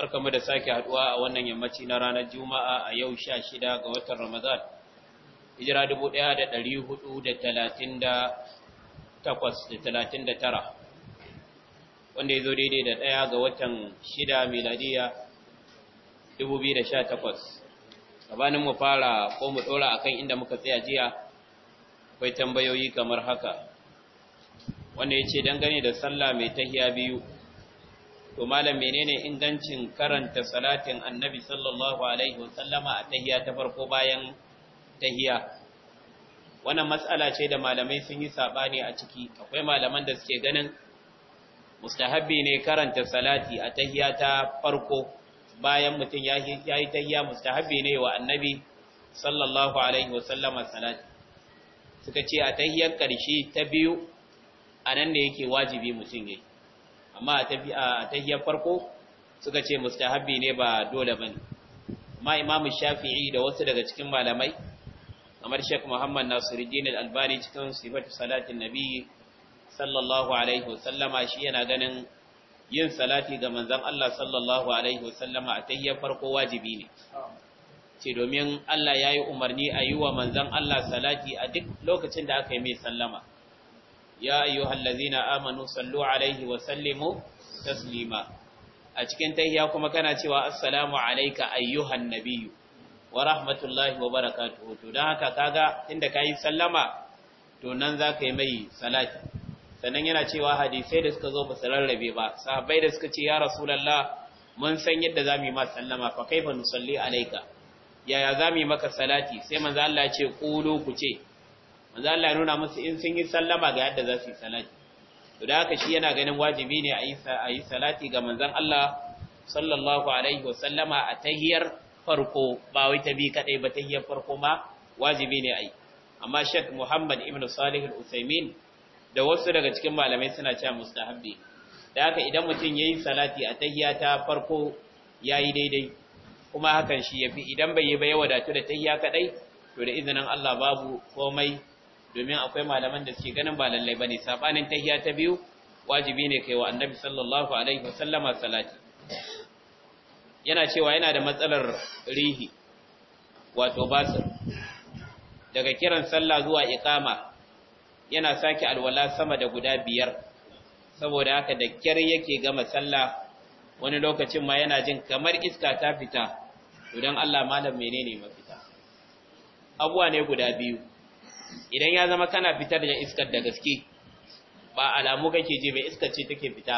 barkamu da sake haduwa a wannan yammaci na ranar Juma'a a yau 16 ga watan Ramadan. Hijira 1438 wanda ya zo daidai da ɗaya ga watan 6 miladiya 2018. Gabanin mu fara ko mu ɗora akan inda muka tsaya jiya, akwai tambayoyi kamar haka. Wanda ya ce dangane da sallah mai tahiya biyu. to malam menene ingancin karanta salatin annabi sallallahu alaihi wasallama a tahiya ta farko bayan tahiya wannan matsala ce da malamai sun yi sabani a ciki akwai malaman da suke ganin mustahabbi ne karanta salati a tahiya ta farko bayan mutum ya yi tahiya mustahabbi ne wa annabi sallallahu alaihi wasallama salati suka ce a tahiyar karshe ta biyu anan nan da yake wajibi mutum yayi amma a tahiyar farko suka ce mustahabbi ne ba dole bane amma imamu shafi'i da wasu daga cikin malamai kamar Sheikh Muhammad Nasiruddin Al-Albani cikin sifatu salatin nabi sallallahu alaihi wasallama shi yana ganin yin salati ga manzon Allah sallallahu alaihi wasallama a tahiyar farko wajibi ne ce domin Allah ya yi umarni a yi wa manzon Allah salati a duk lokacin da aka yi mai sallama ya ayyuhal ladzina amanu sallu alaihi wa sallimu taslima a cikin tahiyya kuma kana cewa assalamu alayka ayyuhan nabiyyu wa rahmatullahi wa barakatuhu to dan haka kaga inda kai sallama to nan zaka yi mai salati sannan yana cewa hadisai da suka zo ba su rarrabe ba sahabbai da suka ce ya rasulullah mun san yadda zamu yi ma sallama fa kaifa nusalli alayka yaya zamu yi maka salati sai manzo Allah ya ce qulu ku ce manzo Allah ya nuna musu in sun yi sallama ga yadda za su yi salati to da haka shi yana ganin wajibi ne a yi salati ga manzon Allah sallallahu alaihi wa sallama a tahiyar farko ba wai ta bi kadai ba tahiyar farko ma wajibi ne a yi amma Sheikh Muhammad Ibn Salih Al-Utsaimin da wasu daga cikin malamai suna cewa mustahabbi da haka idan mutum yayi salati a tahiyya ta farko yayi daidai kuma hakan shi yafi idan bai yi ba ya wadatu da tahiyya kadai to da izinin Allah babu komai domin akwai malaman da suke ganin ba lallai bane sabanin tahiyya ta biyu wajibi ne kai wa annabi sallallahu alaihi wasallama salati yana cewa yana da matsalar rihi wato basir daga kiran sallah zuwa iqama yana sake alwala sama da guda biyar saboda haka da kyar yake gama sallah wani lokacin ma yana jin kamar iska ta fita to dan Allah malam menene mafita abuwa ne guda biyu idan ya zama kana fitar da iskar da gaske ba alamu kake je ba iskar ce take fita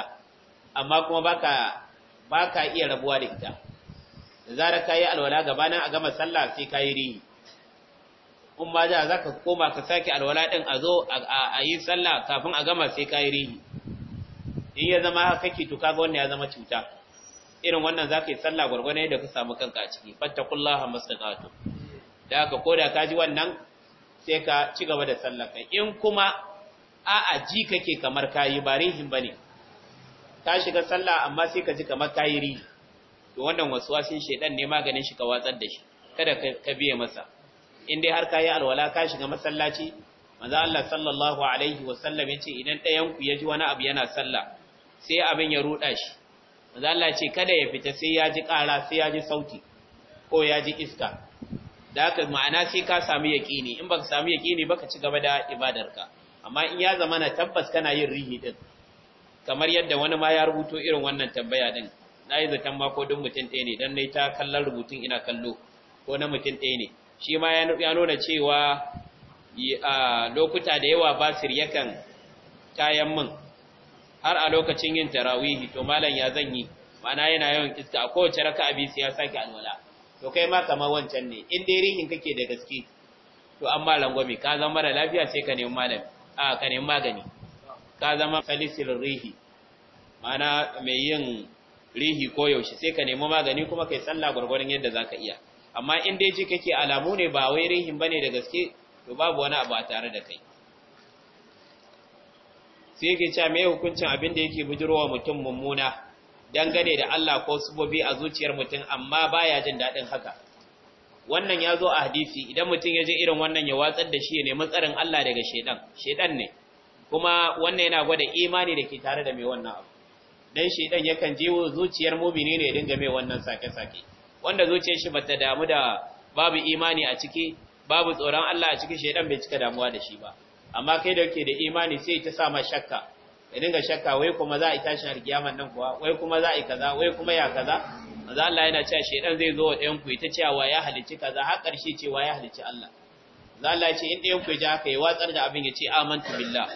amma kuma baka baka iya rabuwa da ita da zarar kayi alwala gabanin a gama sallah sai kai rihi in ba da zaka koma ka saki alwala din a zo a yi sallah kafin a gama sai kai rihi in ya zama haka kake to kaga wannan ya zama cuta irin wannan zaka yi sallah gurgurai da ka samu kanka a ciki fattakullaha mastata'tu da haka koda ka ji wannan sai ka ci gaba da sallaka. in kuma a'a ji kake kamar kayi ba bane ta shiga sallah amma sai ka ji kamar kayi rihi to wannan waswasin shedan ne maganin shi ka watsar da shi kada ka biye masa in dai har kayi alwala ka shiga masallaci manzo Allah sallallahu alaihi wasallam yace idan ɗayan ku ya ji wani abu yana sallah sai abin ya ruda shi manzo Allah ce kada ya fita sai ya ji ƙara sai ya ji sauti ko ya ji iska da haka ma'ana sai ka samu yaqini in baka samu yaqini baka ci gaba da ibadarka amma in ya zama na tabbas kana yin rihi din kamar yadda wani ma ya rubuto irin wannan tambaya din yi zaton ma ko duk mutum ɗaya ne dan nayi ta kallon rubutun ina kallo ko na mutum ɗaya ne shi ma ya nuna cewa lokuta da yawa basir yakan kayan min har a lokacin yin tarawihi to malam ya yi, ma'ana yana yawan iska a kowace raka'a bi sai ya sake alwala to kai ma kamar wancan ne in dai rihin kake da gaske to an ma langwame ka zama mara lafiya sai ka nemi malami a ka nemi magani ka zama falisir rihi mana mai yin rihi ko yaushe sai ka nemi magani kuma kai sallah gurgurun yadda zaka iya amma in dai ji kake alamu ne ba wai rihin bane da gaske to babu wani abu a tare da kai sai ke cewa me hukuncin abin da yake wa mutum mummuna dangane da Allah ko subobi a zuciyar mutum amma baya jin daɗin haka wannan ya zo a hadisi idan mutum ya ji irin wannan ya watsar da shi ne matsarin Allah daga shedan shedan ne kuma wannan yana gwada imani da ke tare da mai wannan abu dan shedan yakan je zuciyar mumini ne dinga mai wannan sake-sake wanda zuciyar shi bata damu da babu imani a ciki babu tsoron Allah a ciki shedan bai cika damuwa da shi ba amma kai da yake da imani sai ta sa ma shakka ya dinga shakka wai kuma za a yi tashin alkiyaman nan kuwa wai kuma za a yi kaza wai kuma ya kaza manzo Allah yana cewa shedan zai zo wa ɗayan ku ita cewa ya halicci kaza har ƙarshe wa ya halicci Allah manzo Allah ya ce in ɗayan ku ya ji haka ya watsar da abin ya ce amantu billah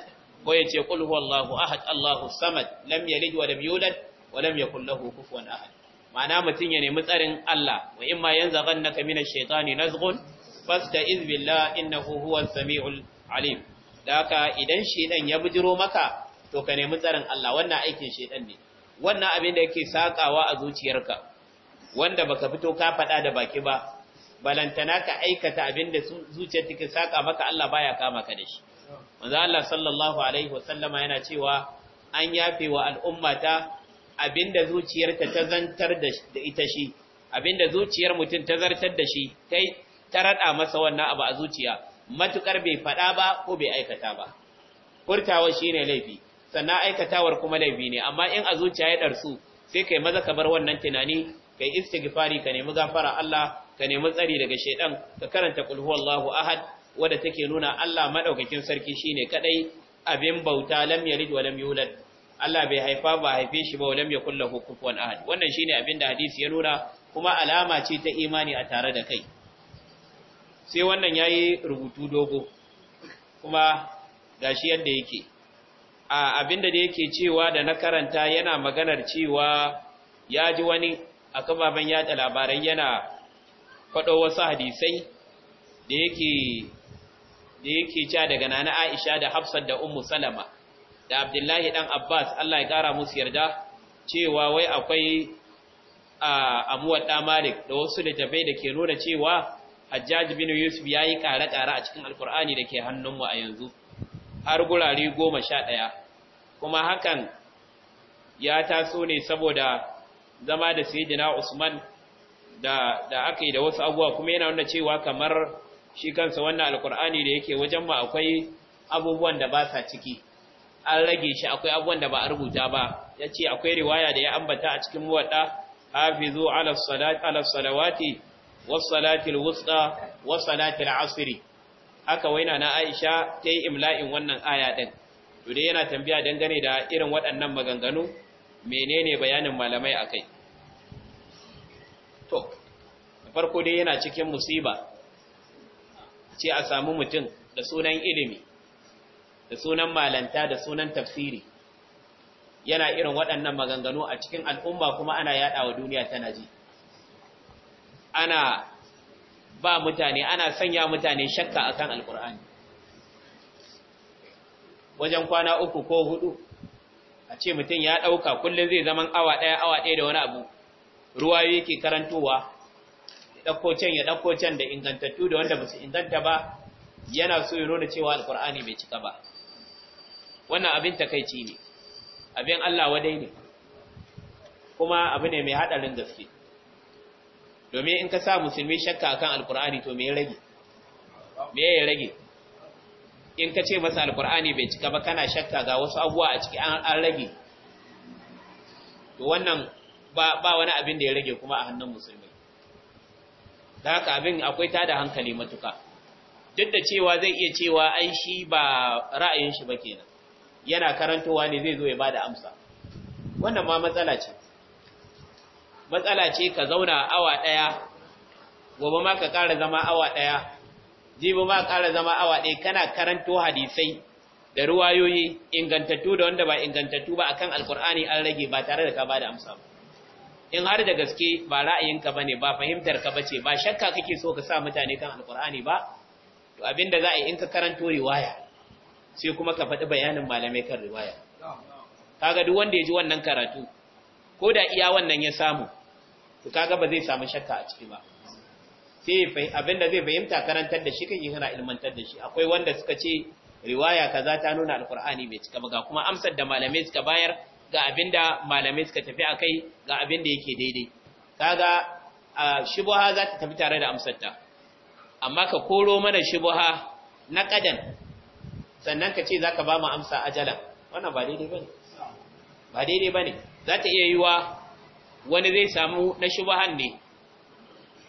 ko ya ce qul huwallahu ahad Allahu samad lam yalid wa lam yulad wa lam yakul lahu kufuwan ahad ma'ana mutum ya nemi tsarin Allah wa in ma naka minash shaitani nazghun fasta'iz billah innahu huwas samiul alim da haka idan shedan ya bijiro maka to ka nemi tsarin Allah wannan aikin shedan ne wannan abin da yake sakawa a zuciyarka wanda baka fito ka faɗa da baki ba balantana ka aikata abin da zuciyar take saka maka Allah baya kama ka da shi manzo Allah sallallahu alaihi wasallama yana cewa an yafe wa al'ummata da zuciyarta ta zantar da ita shi abin da zuciyar mutum ta zartar da shi kai ta rada masa wannan abu a zuciya matukar bai faɗa ba ko bai aikata ba furtawa shine laifi sannan aikatawar kuma laifi ne amma in a zuciya ya darsu sai kai maza ka bar wannan tunani kai istighfari ka nemi gafara Allah ka nemi tsari daga shaydan ka karanta qul huwallahu ahad wadda take nuna Allah madaukakin sarki shine kadai abin bauta lam yalid wa lam yulad Allah bai haifa ba haife shi ba lam yakul lahu kufuwan ahad wannan shine abin da hadisi ya nuna kuma alama ce ta imani a tare da kai sai wannan yayi rubutu dogo kuma gashi yadda yake abinda da yake cewa da na karanta yana maganar cewa ya ji wani a kababen yada labarai yana faɗo wasu hadisai da yake da yake daga nana Aisha da Hafsat da Ummu Salama da Abdullahi dan Abbas Allah ya kara musu yarda cewa wai akwai a muwadda Malik da wasu da tabai da ke nuna cewa Hajjaj bin Yusuf yayi kare-kare a cikin Alkur'ani da ke hannunmu a yanzu har gurare goma sha ɗaya kuma hakan ya taso ne saboda zama da jina usman da da aka yi da wasu abuwa kuma yana nuna cewa kamar shi kansa wannan alkur'ani da yake wajen mu akwai abubuwan da ba sa ciki an rage shi akwai abubuwan da ba a rubuta ba ya ce akwai riwaya da ya ambata a cikin muwaɗa, hafizu ala ala salawati wasu salati wusta wasu asiri aka waina na Aisha ta yi imla'in wannan aya ɗin, to dai yana tambaya dangane da irin waɗannan maganganu menene bayanin malamai a kai. to farko dai yana cikin musiba ce a sami mutum da sunan ilimi da sunan malanta da sunan tafsiri yana irin waɗannan maganganu a cikin al'umma kuma ana yaɗa wa duniya tana ji ana ba mutane ana sanya mutane shakka akan alkur'ani wajen kwana uku ko hudu a ce mutum ya ɗauka kullum zai zaman awa ɗaya awa ɗaya da wani abu ruwa yake karantowa ya ɗauko can ya ɗauko can da ingantattu da wanda basu inganta ba yana so ya nuna cewa alkur'ani bai cika ba wannan abin takaici ne abin Allah wadai ne kuma abu ne mai haɗarin gaske domin in ka sa musulmi shakka akan alkur'ani to me ya rage me ya rage in ka ce masa alkur'ani bai cika ba kana shakka ga wasu abuwa a ciki an rage to wannan ba wani abin da ya rage kuma a hannun musulmi da haka abin akwai tada hankali matuka duk da cewa zai iya cewa ai shi ba ra'ayin shi ba kenan yana karantowa ne zai zo ya bada amsa wannan ma matsala ce matsala ce ka zauna awa ɗaya gobe ma ka ƙara zama awa ɗaya jibi ma ƙara zama awa ɗaya kana karanto hadisai da ruwayoyi ingantattu da wanda ba ingantattu ba akan alkur'ani an rage ba tare da ka ba da amsa in har da gaske ba ra'ayinka ba ne ba fahimtar ka bace ba shakka kake so ka sa mutane kan alkur'ani ba to abinda za a yi in ka karanto riwaya sai kuma ka faɗi bayanin malamai kan riwaya kaga duk wanda ya ji wannan karatu ko da iya wannan ya samu to kaga ba zai samu shakka a ciki ba sai abinda zai fahimta karantar da shi kan yi hana ilmantar da shi akwai wanda suka ce riwaya kaza ta nuna alkur'ani bai cika ba ga kuma amsar da malamai suka bayar ga abinda malamai suka tafi akai ga abinda yake daidai kaga shubha za ta tafi tare da amsar ta amma ka koro mana shubha na kadan sannan ka ce zaka ba mu amsa ajalan wannan ba daidai bane ba daidai bane za ta iya yiwa wani zai samu na shubahan ne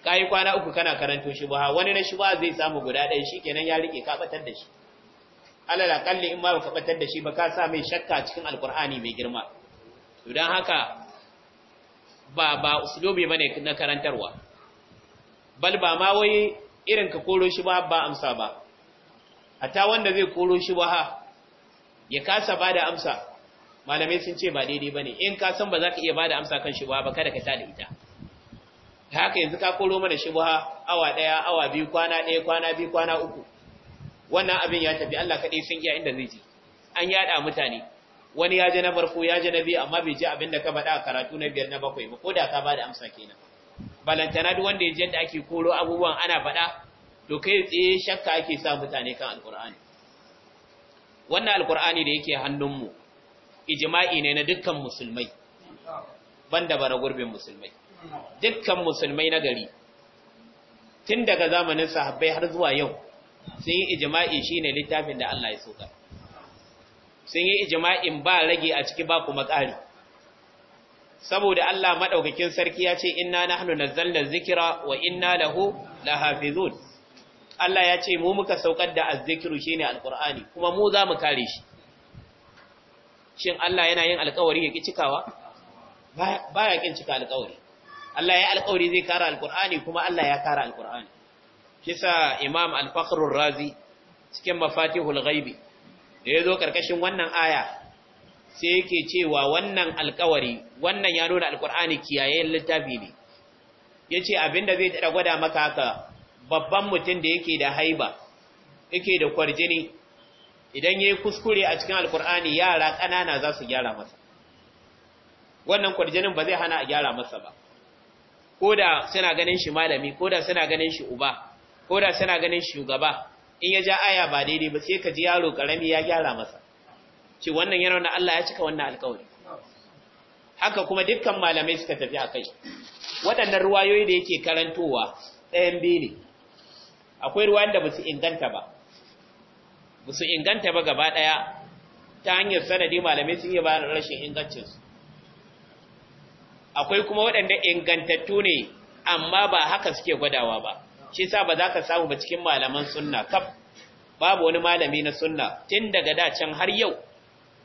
Kayi kwana uku kana karanto shubaha wani na shubaha zai samu guda ɗaya shikenan ya rike ka batar da shi alal in ma ka batar da shi ba ka sa mai shakka cikin alqur'ani mai girma to dan haka ba ba usulobi bane na karantarwa bal ba ma wai irin ka koro shi ba ba amsa ba hatta wanda zai koro shi ba ya kasa bada amsa malamai sun ce ba daidai ne, in ka san ba za ka iya da amsa kan shubha ba kada ka tada ita da haka yanzu ka koro mana shubha awa daya awa biyu kwana daya kwana biyu kwana uku wannan abin ya tafi Allah kadai sun iya inda zai je an yada mutane wani ya je na farko ya je na biyu amma bai ji abin da ka faɗa a karatu na biyar na bakwai ba ko da ka bada amsa kenan balantana duk wanda ya ji yadda ake koro abubuwan ana faɗa to kai tsaye shakka ake sa mutane kan alkur'ani wannan alkur'ani da yake hannunmu Ijima'i ne na dukkan musulmai banda bara gurbin musulmai dukkan musulmai na gari tun daga zamanin sahabbai har zuwa yau sun yi ijma'i shine littafin da Allah ya soka sun yi ijma'in ba rage a ciki ba kuma ƙari saboda Allah madaukakin sarki ya ce inna nahnu nazzalna dhikra wa inna lahu lahafizun Allah ya ce mu muka saukar da azzikiru shine alqur'ani kuma mu za mu kare shi shin Allah yana yin alƙawari ya ki cikawa baya kin cika alƙawari. Allah ya alƙawari zai kara Alƙur'ani kuma Allah ya kara Alƙur'ani. kisa imam al-fakhr razi cikin mafatihul ghaibi da yazo karkashin wannan aya sai yake cewa wannan alƙawari, wannan ya nuna Alƙur'ani, kiyaye littafi ne yace abinda zai tada gwada maka haka babban mutum da yake da haiba yake da kwarjini idan ya yi kuskure a cikin alkur'ani yara ƙanana za su gyara masa wannan kwarjinin ba zai hana a gyara masa ba koda suna ganin shi malami koda suna ganin shi uba koda suna ganin shugaba in ya ja aya ba daidai ba sai ka ji yaro karami ya gyara masa ce wannan yana wannan Allah ya cika wannan alƙawari haka kuma dukkan malamai suka tafi a kai. waɗannan ruwayoyi da yake karantowa ɗayan biyu ne akwai ruwan da ba su inganta ba ba inganta ba gaba ɗaya ta hanyar sanadi malamai sun yi bayan rashin ingancinsu akwai kuma waɗanda ingantattu ne amma ba haka suke gwadawa ba shi sa ba za ka samu ba cikin malaman sunna kaf babu wani malami na sunna tun daga da can har yau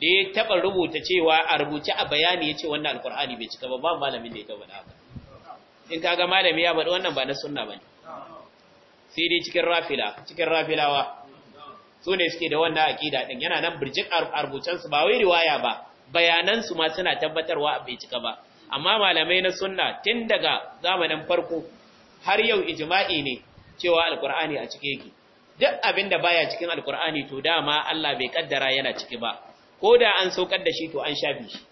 da ya taɓa rubuta cewa a rubuce a bayani ya ce wannan alkur'ani bai cika ba ba malamin da ya taɓa haka in ka ga malami ya faɗi wannan ba na sunna ba ne sai dai cikin rafila cikin rafilawa su ne suke da wannan aƙida ɗin yana nan birjin arbucansu ba wai riwaya ba bayanansu ma suna tabbatarwa a bai cika ba amma malamai na sunna tun daga zamanin farko har yau ijma'i ne cewa alkur'ani a cike yake duk abin da baya cikin alkur'ani to dama Allah bai kaddara yana ciki ba ko da an saukar da shi to an shafi shi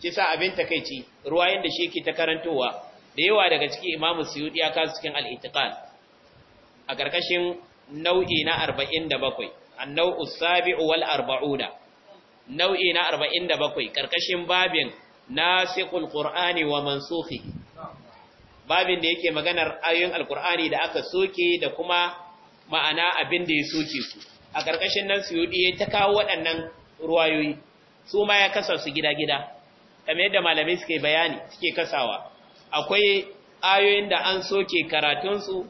kisa abin takaici ruwa da shi yake ta karantowa da yawa daga cikin imamu suyudi ya kasu cikin al-i'tiqad a karkashin nau'i na 47 annau usabi'u wal arba'una nau'i na 47 karkashin babin nasikhul qur'ani wa mansukhihi babin da yake maganar ayoyin alqur'ani da aka soke da kuma ma'ana abin da ya soke su a karkashin nan su ya ta kawo waɗannan ruwayoyi su ma ya kasa su gida-gida kamar yadda malamai suke bayani suke kasawa akwai ayoyin da an soke karatunsu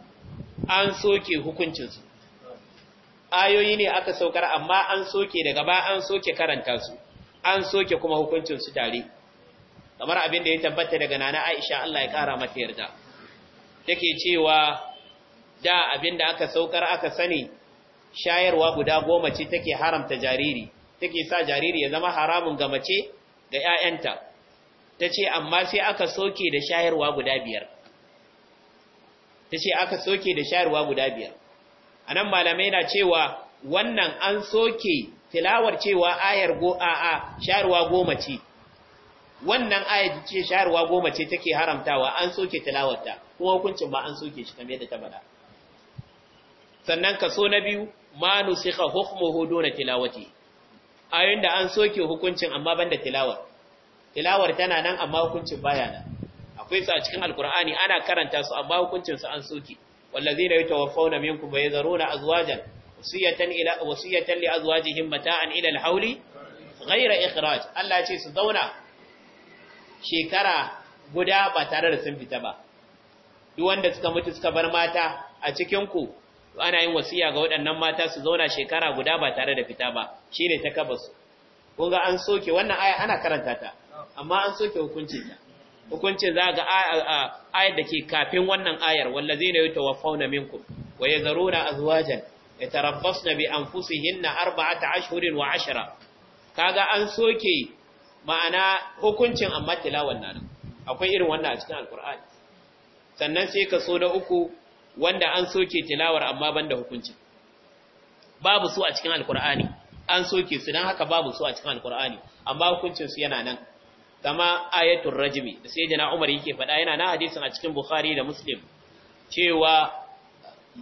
an soke hukuncinsu ayoyi ne aka saukar amma an soke daga ba an soke karanta su an soke kuma hukuncin su tare kamar abin da ya tabbata daga nana Aisha Allah ya kara mata yarda take cewa da abin da aka saukar aka sani shayarwa guda goma ce take haramta jariri take sa jariri ya zama haramun ga mace ga ƴaƴanta tace amma sai aka soke da shayarwa guda biyar tace aka soke da shayarwa guda biyar anan malamai na cewa wannan an soke tilawar cewa ayar go a'a sharuwa goma ce wannan ayar ce sharuwa goma ce take haramtawa an soke tilawarta kuma hukuncin ba an soke shi kamar yadda ta bada sannan kaso na biyu ma nusikha hukmuhu duna tilawati ayin da an soke hukuncin amma banda tilawar tilawar tana nan amma hukuncin baya nan akwai su a cikin alkur'ani ana karanta su amma hukuncin su an soke والذين يتوفون منكم ويذرون أزواجا وصية إلى وصية لأزواجهم متاعا إلى الحول غير إخراج الله يجي سدونا شكرا guda ba tare da sun fita ba duk wanda suka mutu suka bar mata a cikin ku ana yin wasiya ga waɗannan mata su zauna shekara guda ba tare da fita ba shine ta kabasu kun ga an soke wannan aya ana karanta ta amma an soke hukuncin ta hukuncin za ga ayar da ke kafin wannan ayar wallazina yatawaffawna minkum wa Ya azwajan yatarabbasna bi anfusihinna arba'ata ashhurin wa ashra kaga an soke ma'ana hukuncin amma tilawan nan akwai irin wannan a cikin alqur'ani sannan sai so na uku wanda an soke tilawar amma banda hukuncin babu su a cikin alqur'ani an soke su dan haka babu su a cikin alqur'ani amma hukuncin su yana nan kama ayatul rajmi da sayyidina Umar yake faɗa yana na hadisin a cikin Bukhari da Muslim cewa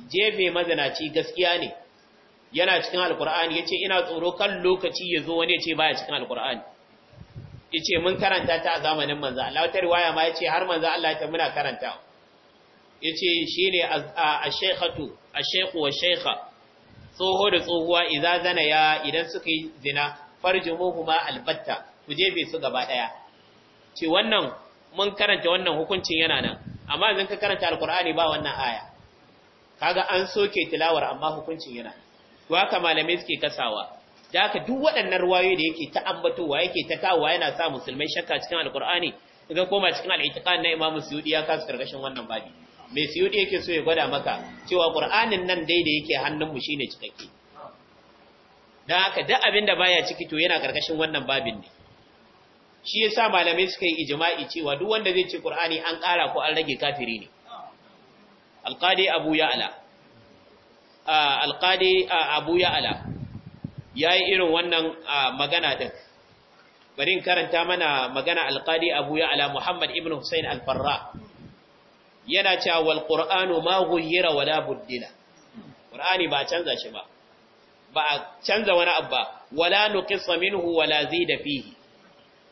jefe mazanaci gaskiya ne yana cikin alkur'ani yace ina tsoro kan lokaci yazo wani yace baya cikin alkur'ani yace mun karanta ta a zamanin manzo Allah ta riwaya ma yace har manza Allah ta muna karanta yace shine ash-shaykhatu ash-shaykhu wa shaykha tsoho da tsohuwa idan zana ya idan suka yi zina ma albatta ku jefe su gaba daya ce wannan mun karanta wannan hukuncin yana nan amma idan ka karanta alkur'ani ba wannan aya kaga an soke tilawar amma hukuncin yana to haka malamai suke kasawa da haka duk waɗannan ruwayoyi da yake ta ambatowa yake ta kawowa yana sa musulmai shakka cikin alqur'ani ga koma cikin al'itiqan na imamu suyudi ya kasu karkashin wannan babi mai suyudi yake so ya gwada maka cewa qur'anin nan dai da yake hannunmu shine cikakke dan haka duk abin da baya ciki to yana karkashin wannan babin ne shi yasa malamai suka yi ijma'i cewa duk wanda zai ce Qur'ani an ƙara ko an rage kafiri ne alqadi Abu Ya'la alqadi Abu Ya'la yayi irin wannan magana din bari in karanta mana magana alqadi Abu Ya'la Muhammad ibn Hussein al-Farra yana cewa wal Qur'anu ma ghayyira wala buddila Qur'ani ba canza shi ba ba canza wani abba wala nuqissa minhu wala zida fihi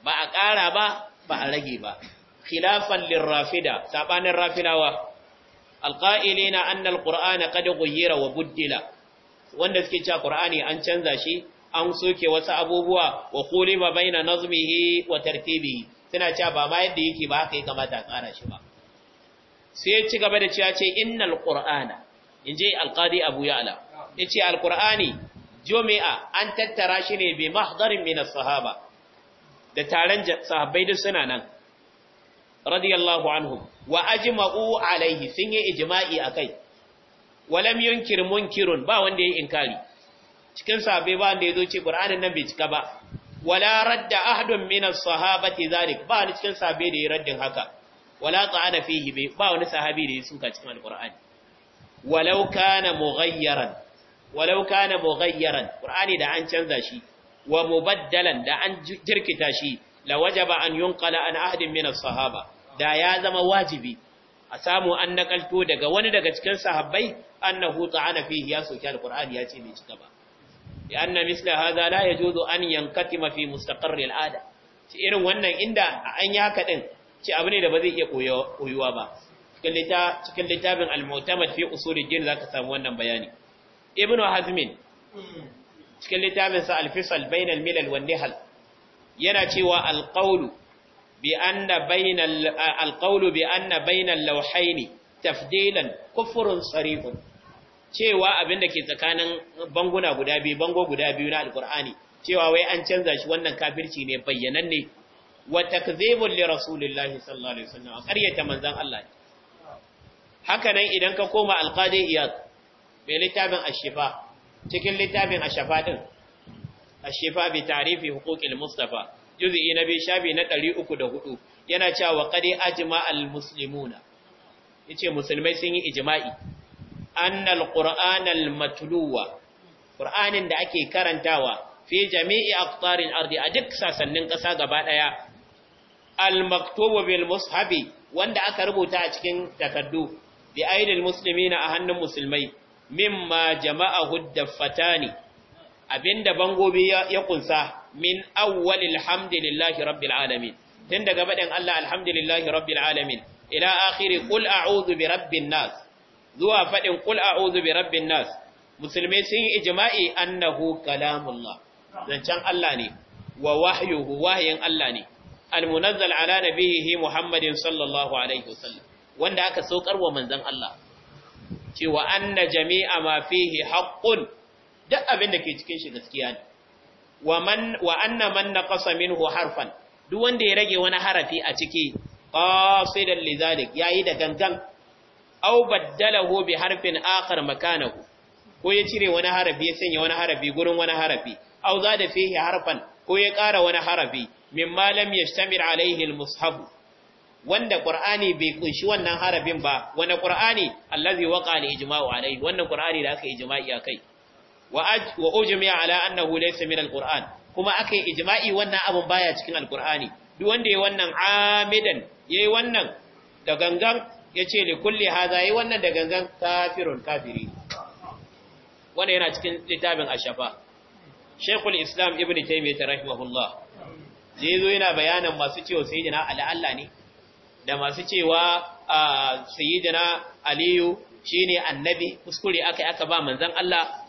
ba a ƙara ba ba a rage ba khilafan lirrafida sabanin rafidawa alqa'ilina anna alqur'ana qad ghayyira wa buddila wanda suke cewa qur'ani an canza shi an soke wasu abubuwa wa bai na nazmihi wa tartibihi suna cewa ba ma yadda yake ba haka ya kamata a ƙara shi ba sai ci gaba da cewa ce innal In inji alqadi abu ya'la yace alqur'ani jumi'a an tattara shi ne bi mahzarin min sahaba da taron sahabbai duk suna nan radiyallahu anhum wa ajma'u alaihi sun yi ijma'i akai walam yunkir munkirun ba wanda yayi inkari cikin sahabbai ba wanda yazo ce qur'anin nan bai cika ba wala radda ahadun min as-sahabati zalik ba wani cikin sahabbai da ya raddin haka wala ta'ana fihi ba wani sahabi da ya suka cikin alqur'ani walau kana mughayyaran walau kana mughayyaran qur'ani da an canza shi wa mubaddalan da an jirkita shi la wajaba an yunqala an ahadin min as-sahaba da ya zama wajibi a samu an nakalto daga wani daga cikin sahabbai annahu ta'ana fihi ya soki alqur'ani ya ce mai cika ba ya anna misla hadha la yajuzu an yankatima fi mustaqarri al'ada ci irin wannan inda an yi haka din ci abu ne da ba zai iya koyuwa ba cikin littafin al-mu'tamad fi usulid din zaka samu wannan bayani ibnu hazmin cikin littafinsa alfisal bainal milal wan nihal yana cewa alqawlu bi anna bainal alqawlu bi anna bainal lawhaini tafdilan kufrun cewa abinda ke tsakanin banguna guda biyu bango guda biyu na alqur'ani cewa wai an canza shi wannan kafirci ne bayyananne wa takdhibun li rasulillahi sallallahu alaihi wasallam ƙaryata manzon Allah haka nan idan ka koma alqadi iyad bai littafin ashifa cikin littafin ashafa din ashifa bi tarifi huquqil mustafa juz'i na bi shabi na hudu yana cewa qad musulmuna, ya yace musulmai sun yi ijima'i. annal qur'anal matluwa qur'anin da ake karantawa fi jami'i aqtaril ardi a duk sasannin ƙasa gaba ɗaya. al maktubu bil mushabi wanda aka rubuta a cikin takardu bi musulmi na a hannun musulmai mimma jama'ahu daffatani abinda bangobi ya kunsa min awwalil hamdulillahi rabbil alamin tun daga baɗin Allah alhamdulillahi rabbil alamin ila akhiri qul a'udhu bi rabbin nas zuwa faɗin qul a'udhu bi rabbin nas musulmai sun yi ijma'i annahu kalamullah zancen Allah ne wa wahyuhu wahyin Allah ne almunazzal ala nabihi muhammadin sallallahu alaihi wasallam wanda aka saukar wa manzon Allah cewa anna jami'a ma fihi haqqun duk abin da ke cikin shi gaskiya ne wa man na anna min naqasa harfan duk wanda ya rage wani harafi a ciki qasidan ya yayi da gangan aw baddalahu bi harfin akhar makanahu ko ya cire wani harafi ya sanya wani harafi gurin wani harafi za zada fi harfan ko ya ƙara wani harafi mimma lam yashtamil alaihi al-mushaf wanda Qur'ani bai kunshi wannan harafin ba wani Qur'ani allazi waqa al ijma'u alayhi wannan Qur'ani da aka ijma'i akai wa wa ujmi'a ala annahu laysa min al-Qur'an kuma aka yi ijma'i wannan abun baya cikin al-Qur'ani duk wanda yayi wannan amidan yayi wannan da gangan yace li kulli hadha yayi wannan da gangan kafirun kafiri wannan yana cikin litabin ashafa Sheikhul Islam Ibn Taymiyyah rahimahullah zai zo yana bayanin masu cewa sayyidina ala Allah ne da masu cewa sayyidina aliyu shine annabi kuskure aka aka ba manzon Allah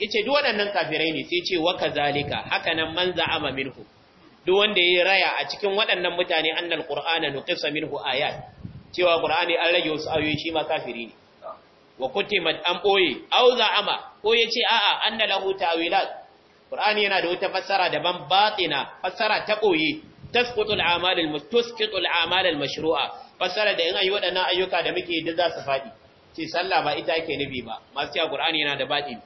yace duk waɗannan kafirai ne sai ce wa kazalika haka nan man za'ama minhu duk wanda yayi raya a cikin waɗannan mutane annal qur'ana nuqisa minhu ayat cewa qur'ani an rage wasu ayoyi shi ma kafiri ne wa kutimat an boye aw za'ama ko yace a anna lahu ta'wilat qur'ani yana da wata fassara daban batina fassara ta boye tasqutul a'mal al-mustasqitul a'mal al-mashru'a fasara da in ayi waɗannan ayyuka da muke da za su fadi ce sallah ba ita ake nufi ba masu cewa qur'ani yana da batin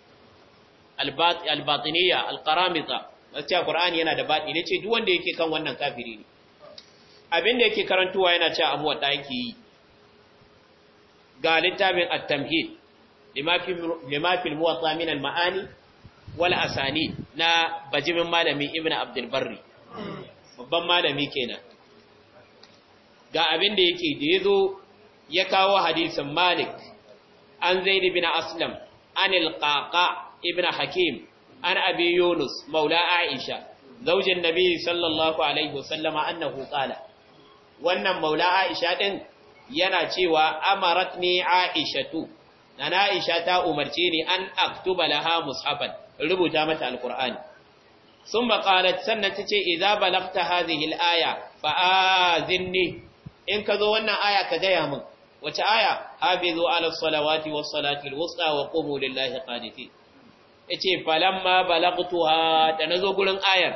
al-batiniya al-qaramita masu cewa qur'ani yana da batin ne duk wanda yake kan wannan kafiri ne abin da yake karantuwa yana cewa abu wadda yake yi ga littafin at-tamhid lima fil muwatta min al-ma'ani wal asani na bajimin malami ibnu abdul barri babban malami kenan ga abin da yake da yazo ya kawo hadisin Malik an Zaid ibn Aslam an al-Qaqa ibn Hakim an Abi Yunus maula Aisha zaujin Nabi sallallahu alaihi wasallama annahu qala wannan maula Aisha din yana cewa amaratni Aishatu nana Aisha ta umarce ni an aktuba laha mushafan rubuta mata alqur'ani sun maƙalat sannan ta ce iza balagta hazihil aya fa azinni in ka zo wannan aya ka gaya min wace aya hafizu ala salawati was salati alwusta wa qumu lillahi qanitin yace falamma ha, da zo gurin ayar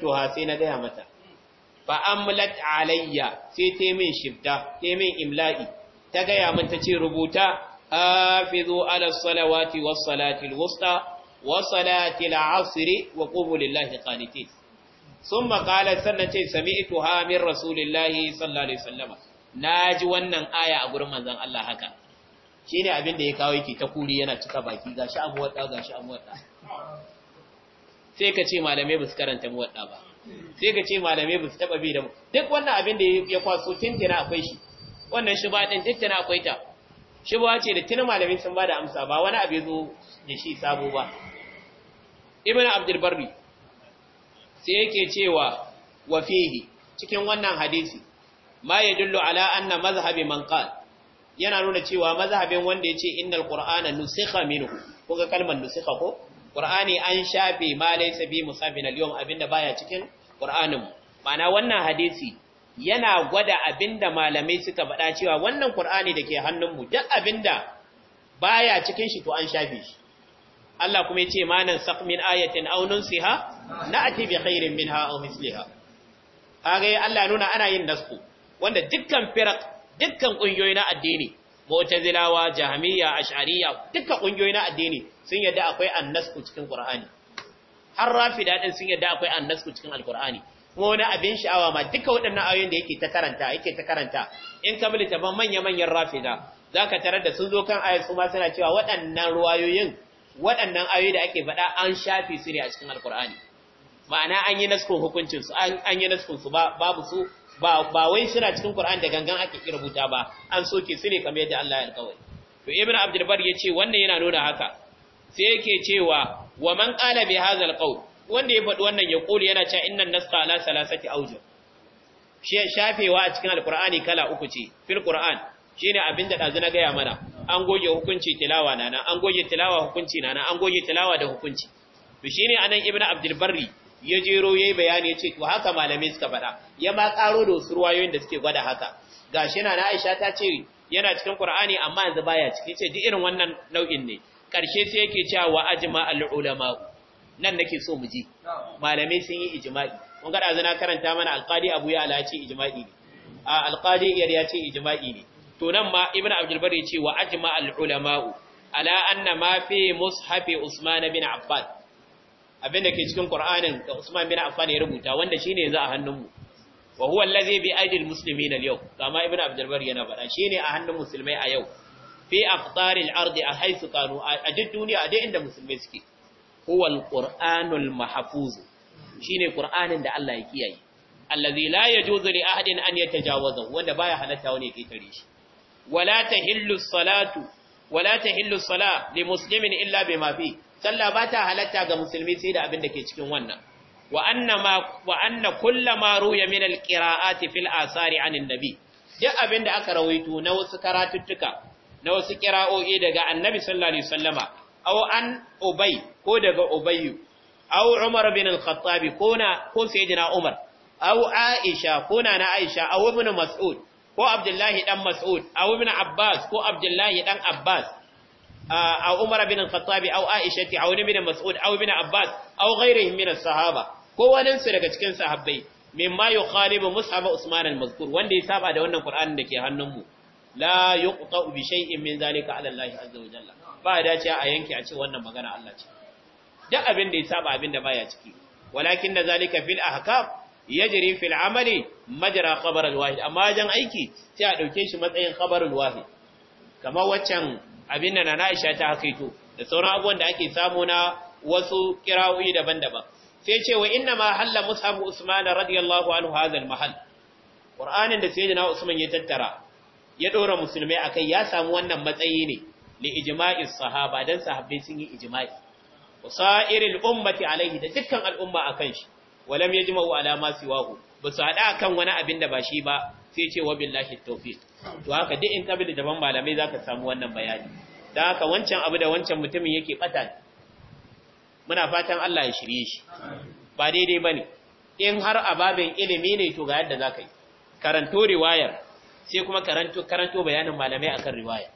tuha, sai na gaya mata fa amlat alayya sai ta min shifta ta min imla'i ta gaya min ta ce rubuta hafizu ala salawati was salati alwusta wa salatil asri wa qumu lillahi qanitin summa qalat sannan ce sami'tu ha min rasulillahi sallallahu alaihi wasallama naji wannan aya a gurin manzon Allah haka shine abin da ya kawo yake ta kuri yana cika baki gashi abu wadda gashi abu wadda sai ka ce malamai ba su karanta mu wadda ba sai ka ce malamai ba su taba bi da mu duk wannan abin da ya kwaso tintina akwai shi wannan shi ba din tintina akwai ta shi ba ce da tin malamai sun ba da amsa ba wani abu ya zo da shi sabo ba ibn abdul sai yake cewa wa fihi cikin wannan hadisi ma yadullu ala anna mazhabi man yana nuna cewa mazhabin wanda yace innal qur'ana nusikha minhu ko ga kalmar nusikha ko qur'ani an shafe ma laysa bi musafin al-yawm abinda baya cikin qur'anin ma'ana wannan hadisi yana gwada abinda malamai suka faɗa cewa wannan qur'ani dake hannunmu duk abinda baya cikin shi to an shafe shi Allah kuma yace ma nan saq min ayatin aw nunsiha na'ti bi khairin minha aw misliha kage Allah nuna ana yin nasku wanda dukkan firaq dukkan kungiyoyi na addini mu'tazilawa jahmiya ash'ariyya dukkan kungiyoyi na addini sun yadda akwai annasku cikin qur'ani har rafida din sun yadda akwai annasku cikin alqur'ani kuma wani abin sha'awa ma duka waɗannan ayoyin da yake ta karanta yake ta karanta in ka bi ban manya-manyan rafida zaka tarar da sun zo kan ayat su ma suna cewa waɗannan ruwayoyin waɗannan ayoyi da ake faɗa an shafi su ne a cikin alkur'ani ma'ana an yi naskun hukuncinsu. an yi naskunsu babu su ba wai suna cikin Kur'an da gangan ake buta ba an soke su ne kamar yadda Allah ya kawai. to ibn abdul ya ce, wannan yana nuna haka sai yake cewa wa man qala bi hadha alqawl wanda ya faɗi wannan ya kuli yana cewa innan nasqa ala salasati auju shi shafewa a cikin alkur'ani kala uku ce fil qur'an shine abinda ɗazu na gaya mana an goge hukunci tilawa na an goge tilawa hukunci na an goge tilawa da hukunci to shine anan ibnu abdul barri ya jero yayi bayani yace to haka malamai suka faɗa ya ma karo da wasu ruwayoyin da suke gwada haka gashi na Aisha ta ce yana cikin Qur'ani amma yanzu baya ciki ce duk irin wannan nau'in ne karshe sai yake cewa wa ajma al ulama nan nake so mu ji malamai sun yi ijma'i mun ga da karanta mana alqadi Abu Ya'la ce ijma'i ne alqadi Iyar ya ce ijma'i ne to nan ma Ibn Abdulbari ce wa ajma al ala anna ma fi mushafi usman bin affan abinda ke cikin qur'anin da usman bin affan ya rubuta wanda shine yanzu a hannunmu wa huwa allazi bi aidil muslimin yau kama Ibn Abdulbari yana faɗa shine a hannun musulmai a yau fi aqtaril ardi a haisu kanu a duk duniya a duk inda musulmai suke huwa alqur'anul mahfuz shine qur'anin da Allah ya kiyaye allazi la yajuzu li ahadin an yatajawaza wanda baya halatta wani ya ketare shi wala tahillu salatu wala tahillu sala li muslimin illa bima fi sallah ba ta halatta ga musulmi sai da abin da ke cikin wannan wa anna ma wa anna kullama ruya min alqira'ati fil asari anin nabi duk abin da aka rawaito na wasu karatuttuka na wasu kira'o'i daga annabi sallallahu alaihi wasallama aw an ubay ko daga ubayyu aw umar bin al-khattab ko ko sayyidina umar aw aisha ko na na aisha aw ibn mas'ud ko Abdullahi dan Mas'ud aw ibn Abbas ko Abdullahi dan Abbas aw Umar bin Al-Khattab aw Aisha aw ibn Mas'ud aw ibn Abbas aw ghayrihim min as-sahaba ko wadansu daga cikin sahabbai mimma yukhalibu mushaf Usman al-mazkur wanda ya saba da wannan Qur'anin da ke hannunmu la yuqta'u bi shay'in min zalika 'ala Allah azza wa jalla ba da ce a yanke a ce wannan magana Allah ce duk abin da ya saba abin da baya ciki walakin da zalika fil ahkam yajri fil amali majra khabar al wahid amma wajen aiki sai a dauke shi matsayin khabar al wahid kamar waccan abin da na Aisha ta hakaito da sauran abubuwan da ake samu na wasu kirawi daban-daban sai ce wa inna ma halla mushabu usman radiyallahu anhu hadha al mahal qur'anin da sayyidina usman ya tattara ya dora musulmai akai ya samu wannan matsayi ne li ijma'is sahaba dan sahabbai sun yi ijma'i wasairil ummati alaihi da dukkan al'umma akan shi walam yajma'u ala ma siwahu basu hada kan wani abin da ba shi ba sai ce wa billahi tawfiq to haka duk in kabili daban malamai zaka samu wannan bayani dan haka wancan abu da wancan mutumin yake bata muna fatan Allah ya shirye shi ba daidai bane in har ababen ilimi ne to ga yadda zaka yi karanto riwayar sai kuma karanto karanto bayanin malamai akan riwaya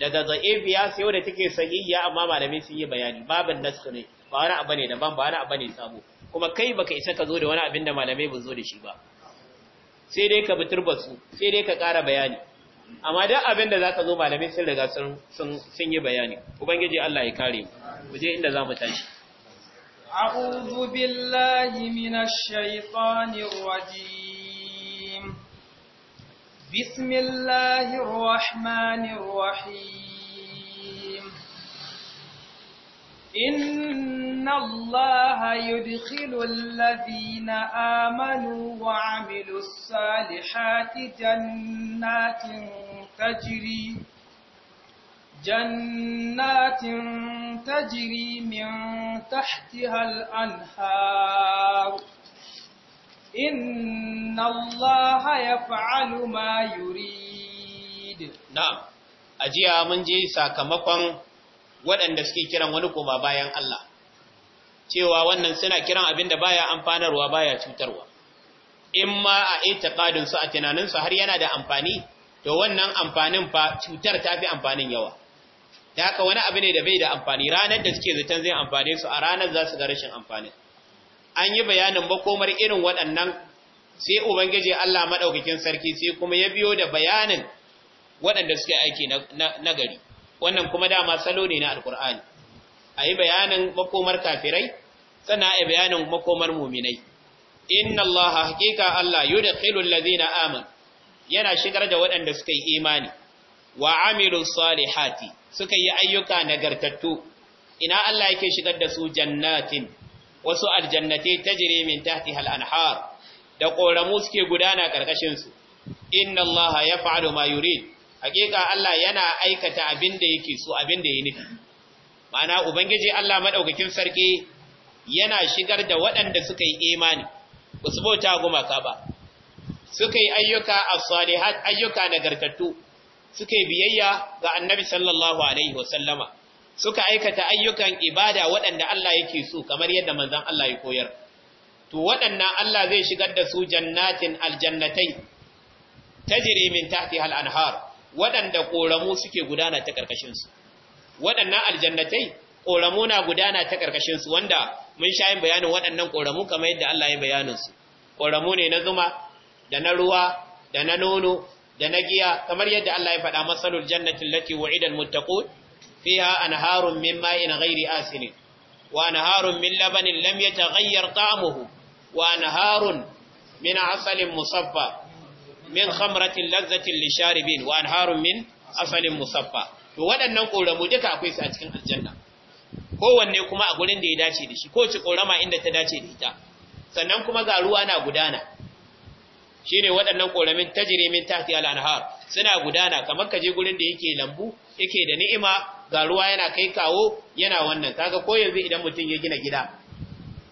daga za'ifiya sai wanda take sahihiya amma malamai sun yi bayani babin nasu ne ba wani abu ne daban ba wani abu ne sabo kuma kai baka isa ka zo da wani abin da malamai ba zo da shi ba sai dai ka bitir su sai dai ka ƙara bayani amma duk abin da za ka zo malamai sun riga sun yi bayani ubangiji Allah ya kare mu mu je inda za mu tashi أعوذ بالله من الشيطان الرجيم بسم الله الرحمن الرحيم إن الله يدخل الذين آمنوا وعملوا الصالحات جنات تجري جنات تجري من تحتها الأنهار إن الله يفعل ما يريد نعم أجي من جي ساكمكم waɗanda suke kiran wani koma bayan Allah cewa wannan suna kiran abin da baya amfanarwa baya cutarwa in ma a itiqadin su a tunanin su har yana da amfani to wannan amfanin fa cutar tafi amfanin yawa da haka wani abu ne da bai da amfani ranar da suke zaton zai amfane su a ranar za su ga rashin amfanin an yi bayanin makomar irin waɗannan sai ubangiji Allah madaukakin sarki sai kuma ya biyo da bayanin waɗanda suke aiki na gari wannan kuma dama salo ne na alkur'ani a yi bayanin makomar kafirai sana a bayanin makomar muminai inna Allah hakika Allah yudkhilu allazina aman yana shigar da waɗanda suka yi imani wa amilu salihati suka yi ayyuka nagartattu ina Allah yake shigar da su jannatin wasu aljannati tajri min tahtiha al da ƙoramu suke gudana ƙarƙashinsu? inna Allah yaf'alu ma yurid hakika Allah yana aikata abin da yake so abin da ya nufi ma'ana ubangiji Allah madaukakin sarki yana shigar da waɗanda suka yi imani ba su bauta gumaka ba suka yi ayyuka as-salihat ayyuka nagartattu suka yi biyayya ga annabi sallallahu alaihi wasallama suka aikata ayyukan ibada waɗanda Allah yake so kamar yadda manzon Allah ya koyar to waɗannan Allah zai shigar da su jannatin aljannatai tajri min tahtiha al-anhar waɗanda ƙoramu suke gudana ta ƙarƙashinsu. waɗannan aljannatai ƙoramu na gudana ta ƙarƙashin wanda mun sha yin bayanin waɗannan ƙoramu kamar yadda Allah ya yi su ƙoramu ne na zuma da na ruwa da na nono da na giya kamar yadda Allah ya faɗa masalul jannatin allati wa'ida almuttaqun fiha harun min ma'in gairi asin wa harun min labanin lam yataghayyar ta'muhu wa harun min 'asalin musaffa min khamratin lazzatin lisharibin wa harun min asalin musaffa to waɗannan ƙoramu duka akwai su a cikin aljanna kowanne kuma a gurin da ya dace da shi kowace ƙorama inda ta dace da ita sannan kuma ga ruwa na gudana Shi ne waɗannan ƙoramin ta jiremin min tahti al suna gudana kamar ka je gurin da yake lambu yake da ni'ima ga ruwa yana kai kawo yana wannan kaga ko yanzu idan mutum ya gina gida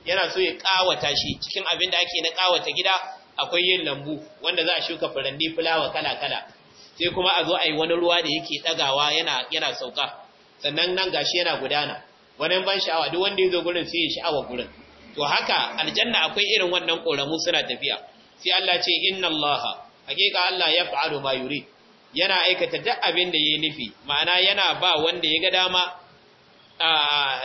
yana so ya ƙawata shi cikin abin da ake na kawata gida akwai yin lambu wanda za a shuka furanni fulawa kala kala sai kuma a zo a yi wani ruwa da yake ɗagawa yana yana sauka sannan nan gashi yana gudana wani ban sha'awa duk wanda ya zo gurin sai ya sha'awa gurin to haka aljanna akwai irin wannan ƙoramu suna tafiya sai Allah ce inna Allah hakika Allah ya fa'alu ma yuri yana aikata duk abin da yayi nufi ma'ana yana ba wanda ya ga dama a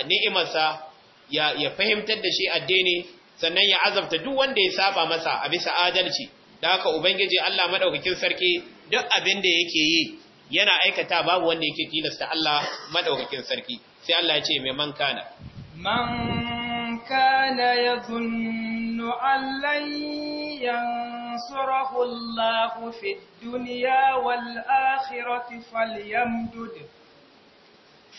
ni'imarsa ya ya fahimtar da shi addini sannan ya azabta duk wanda ya saba masa a bisa adalci da haka ubangiji Allah madaukakin sarki duk abin da yake yi yana aikata babu wanda yake tilasta Allah madaukakin sarki sai Allah ya ce mai man kana man kana yadhunnu allan yansurahu Allah fi dunya wal akhirati falyamdud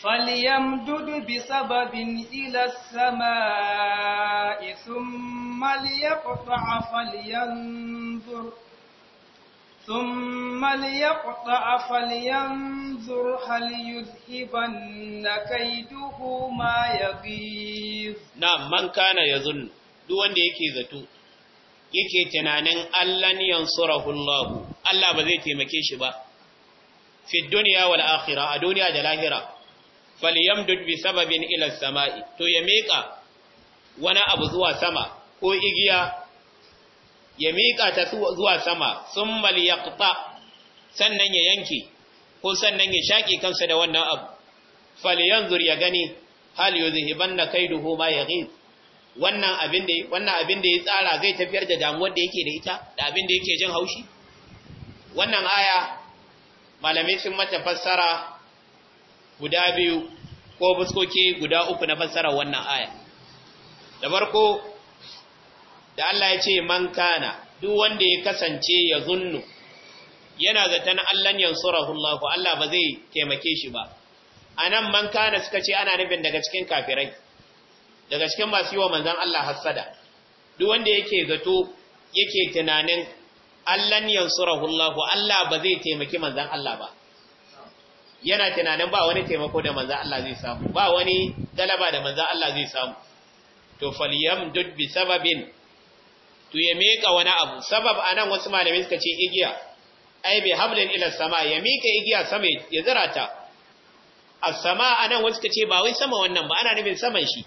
فليمدد بسبب إلى السماء ثم ليقطع فلينظر ثم ليقطع فلينظر هل يذهبن كيده ما يغيظ نعم من كان يظن duk wanda yake zato yake tunanin Allah ne yansurahu Allah Allah ba zai taimake shi ba fi dunya wal akhirah a duniya da lahira falyamdud bi sababin ila samai to ya meka wani abu zuwa sama ko igiya ya miƙa ta zuwa sama sun maliyakta sannan ya yanke ko sannan ya shaƙi kansa da wannan abu yanzu ya gani hal yuzhiban na kai ma ya wannan wannan abin da ya tsara zai tafiyar da damuwar da yake da ita da abin da yake jin haushi wannan aya malamai sun mata fassara guda biyu ko fuskoki guda uku na fassara wannan aya da farko da Allah ya ce man kana duk wanda ya kasance ya zunnu yana zaton Allah yansurahu Allah Allah ba zai taimake shi ba anan man kana suka ce ana nufin daga cikin kafirai daga cikin masu yiwa manzon Allah hassada duk wanda yake zato yake tunanin Allah yansurahu Allah Allah ba zai taimaki manzon Allah ba yana tunanin ba wani taimako da manzan Allah zai samu ba wani galaba da manzan Allah zai samu to falyamdud bi sababin to ya miƙa wani abu sabab anan wasu malami suka ce igiya ai bi hablin ila sama ya mika igiya sama ya zira ta as-sama anan wasu suka ce ba wai sama wannan ba ana nufin saman shi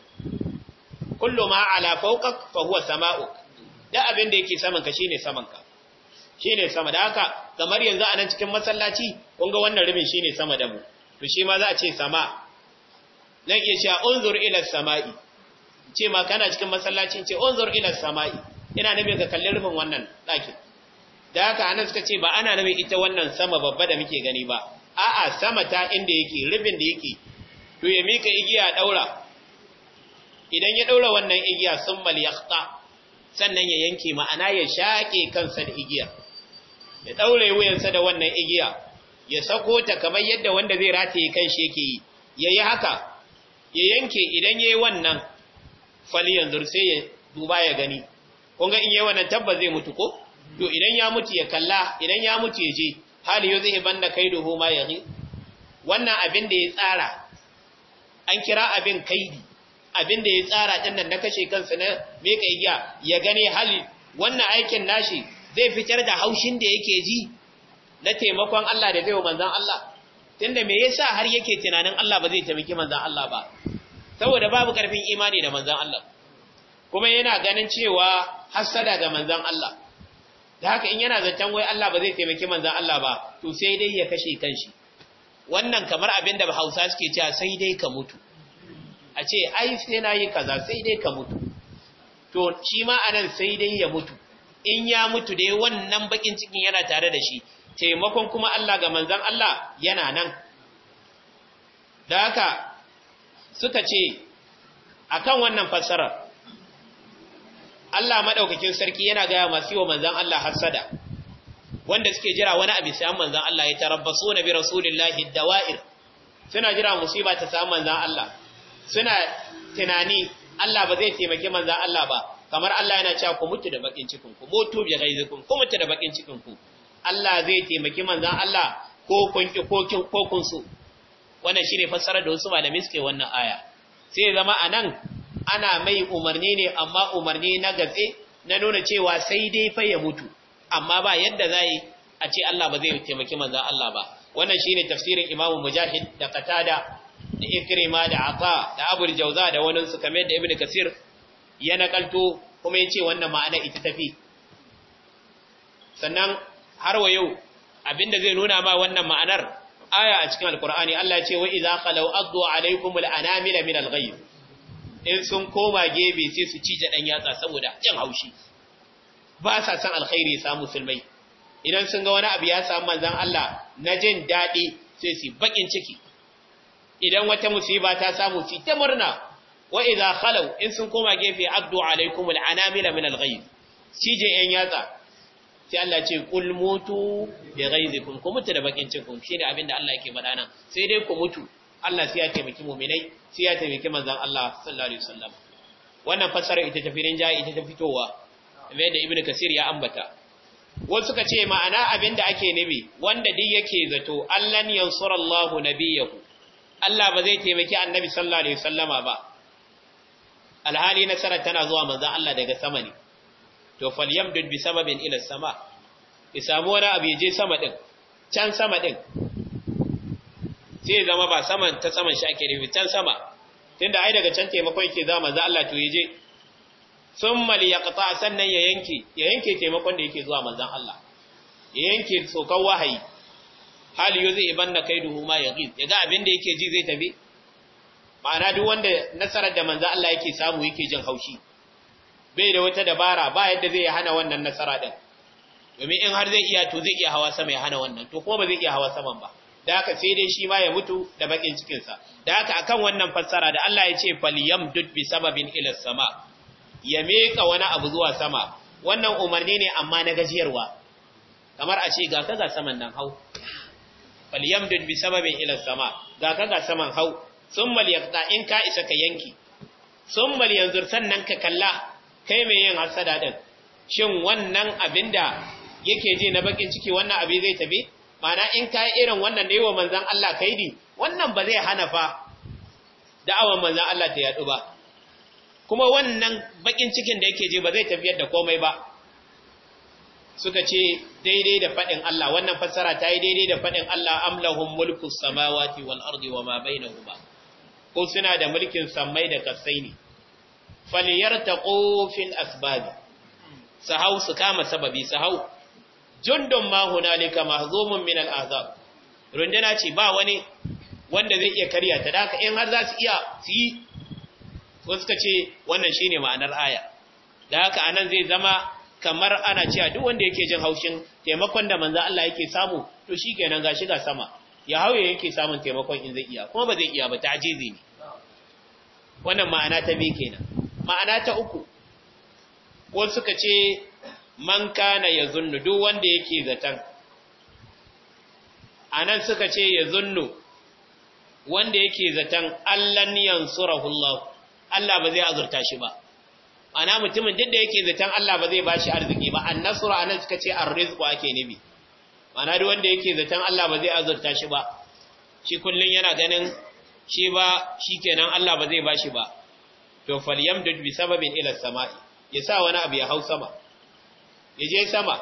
kullu ma ala fawqak fa huwa sama'uk da abin da yake saman ka shine saman ka shine sama da haka kamar yanzu anan cikin masallaci kun ga wannan rubin shine sama da mu to shi ma za a ce sama nan iya cewa unzur ila sama'i ce ma kana cikin masallacin ce unzur ila sama'i ina nufin ka kalli rufin wannan ɗakin da haka suka ce ba ana nufin ita wannan sama babba da muke gani ba a'a sama ta inda yake rufin da yake to ya mika igiya daura idan ya daura wannan igiya sun mal yaqta sannan ya yanke ma'ana ya shake kansa da igiya ya daure wuyansa da wannan igiya ya sako ta kamar yadda wanda zai rataye kanshi yake yi yayi haka ya yanke idan yayi wannan fali yanzu sai ya duba ya gani Kunga in yi wannan tabbas zai mutu ko to idan ya mutu ya kalla idan ya mutu ya je hali yau zai banda kai ho ma ya wannan abin da ya tsara an kira abin kaidi abin da ya tsara din nan na kashe kansa na ka iya ya gane hali wannan aikin nashi zai fitar da haushin da yake ji na taimakon Allah da zai wa manzon Allah tunda me yasa har yake tunanin Allah ba zai taimaki manzon Allah ba saboda babu karfin imani da manzon Allah kuma yana ganin cewa hassada ga manzan Allah da haka in yana zaton wai Allah ba zai taimaki manzan Allah ba to sai dai ya kashe kanshi wannan kamar abin da Hausa suke cewa sai dai ka mutu a ce ai sai na yi kaza sai dai ka mutu to shi ma anan sai dai ya mutu in ya mutu dai wannan bakin cikin yana tare da shi taimakon kuma Allah ga manzan Allah yana nan da haka suka ce akan wannan fassarar Allah madaukakin sarki yana gaya masu yi wa manzan Allah hasada wanda suke jira wani abu sai an manzan Allah ya tarabbasu na bi rasulillahi dawa'ir suna jira musiba ta samu manzan Allah suna tunani Allah ba zai taimaki manzan Allah ba kamar Allah yana cewa ku mutu da bakin cikin ku mutu bi ghaizikum ku mutu da bakin cikin ku Allah zai taimaki manzan Allah ko kun ki ko kin ko kun wannan shine fassarar da wasu malamai suke wannan aya sai zama anan ana mai umarni ne amma umarni na gatse na nuna cewa sai dai fa ya mutu amma ba yadda zai a ce Allah ba zai taimaki manzon Allah ba wannan shine tafsirin Imam Mujahid da Qatada da Ikrima da Ata da Abu Jauza da wannan su kamar da Ibn Kasir ya nakalto kuma yace wannan ma'ana ita tafi sannan har wa yau abinda zai nuna ma wannan ma'anar aya a cikin alkur'ani Allah ya ce wa idza khalau addu alaikumul anamila min alghayb in sun koma gebe sai su cije ɗan yatsa saboda jin haushi ba sa san alkhairi sa musulmai idan sun ga wani abu ya samu manzon Allah na jin daɗi sai su bakin ciki idan wata musiba ta samu su ta murna wa idza in sun koma gefe addu alaikum anamila min alghayb cije yan yatsa sai Allah ce kul mutu bi ghaizikum ku mutu da bakin cikin shine abinda Allah yake faɗa nan sai dai ku mutu Allah sai ya taimaki mu'minai sai ya taimaki manzon Allah sallallahu alaihi wasallam wannan fasara ita ta firin jayi ita ta fitowa kamar da ibnu kasir ya ambata wasu ka ce ma'ana abinda ake nabi wanda duk yake zato Allah allan yansurallahu nabiyahu Allah ba zai taimaki annabi sallallahu alaihi wasallama ba alhali nasara tana zuwa manzon Allah daga sama ne to falyamdud bi sababin ila sama ya samu wani abu ya je sama din can sama din sai zama ba saman ta saman shi ake nufi can sama tunda ai daga can taimako yake za manzo Allah to yaje summa liyaqta sannan ya yanke ya yanke taimakon da yake zuwa manzon Allah ya yanke sokan wahayi hal yuzi ibanna kaiduhu ma ya yaga abin da yake ji zai tafi ma'ana duk wanda nasarar da manzo Allah yake samu yake jin haushi bai da wata dabara ba yadda zai hana wannan nasara din domin in har zai iya to zai iya hawa sama ya hana wannan to kuma ba zai iya hawa saman ba da aka sai dai shi ma ya mutu da bakin cikinsa da aka akan wannan fassara da Allah ya ce falyam dud bi sababin ila sama ya meka wani abu zuwa sama wannan umarni ne amma na gajiyarwa kamar a ce ga ka ga saman nan hau falyam dud bi sababin ila sama ga ka ga saman hau summa liyaqta in ka isa ka yanki summa liyanzur sannan ka kalla kai mai yin hasada din shin wannan abinda yake ji na bakin ciki wannan abin zai tafi mana in ka irin wannan ne wa manzan Allah kaidi wannan ba zai hana fa da'awan manzan Allah ta yadu ba kuma wannan bakin cikin da yake je ba zai tafiyar da komai ba suka ce daidai da faɗin Allah wannan fassara ta yi daidai da faɗin Allah amlahum mulku samawati wal ardi wa ma bainahuma ko suna da mulkin samai da kasai ne falyartaqu fil asbab sahau su kama sababi sahau jundun ma hunalika mahzumun min al'azab runduna ce ba wani wanda zai iya karya ta daka in har za su iya su yi ko suka ce wannan shine ma'anar aya da haka anan zai zama kamar ana cewa duk wanda yake jin haushin taimakon da manzo Allah yake samu to shikenan kenan ga sama ya hauye yake samun taimakon in zai iya kuma ba zai iya ba ta'jizi ne wannan ma'ana ta bi kenan ma'ana ta uku ko suka ce man kana ya zunnu duk wanda yake zaton a nan suka ce ya zunnu wanda yake zaton ni yansurahu Allah ba zai azurta shi ba ana mutumin duk da yake zaton Allah ba zai ba shi arziki ba an anan suka ce arrizqu ake nabi mana duk wanda yake zaton Allah ba zai azurta shi ba shi kullun yana ganin shi ba shikenan Allah ba zai ba shi ba to falyamdud bi sababin ila samai yasa wani abu ya hau sama ya je sama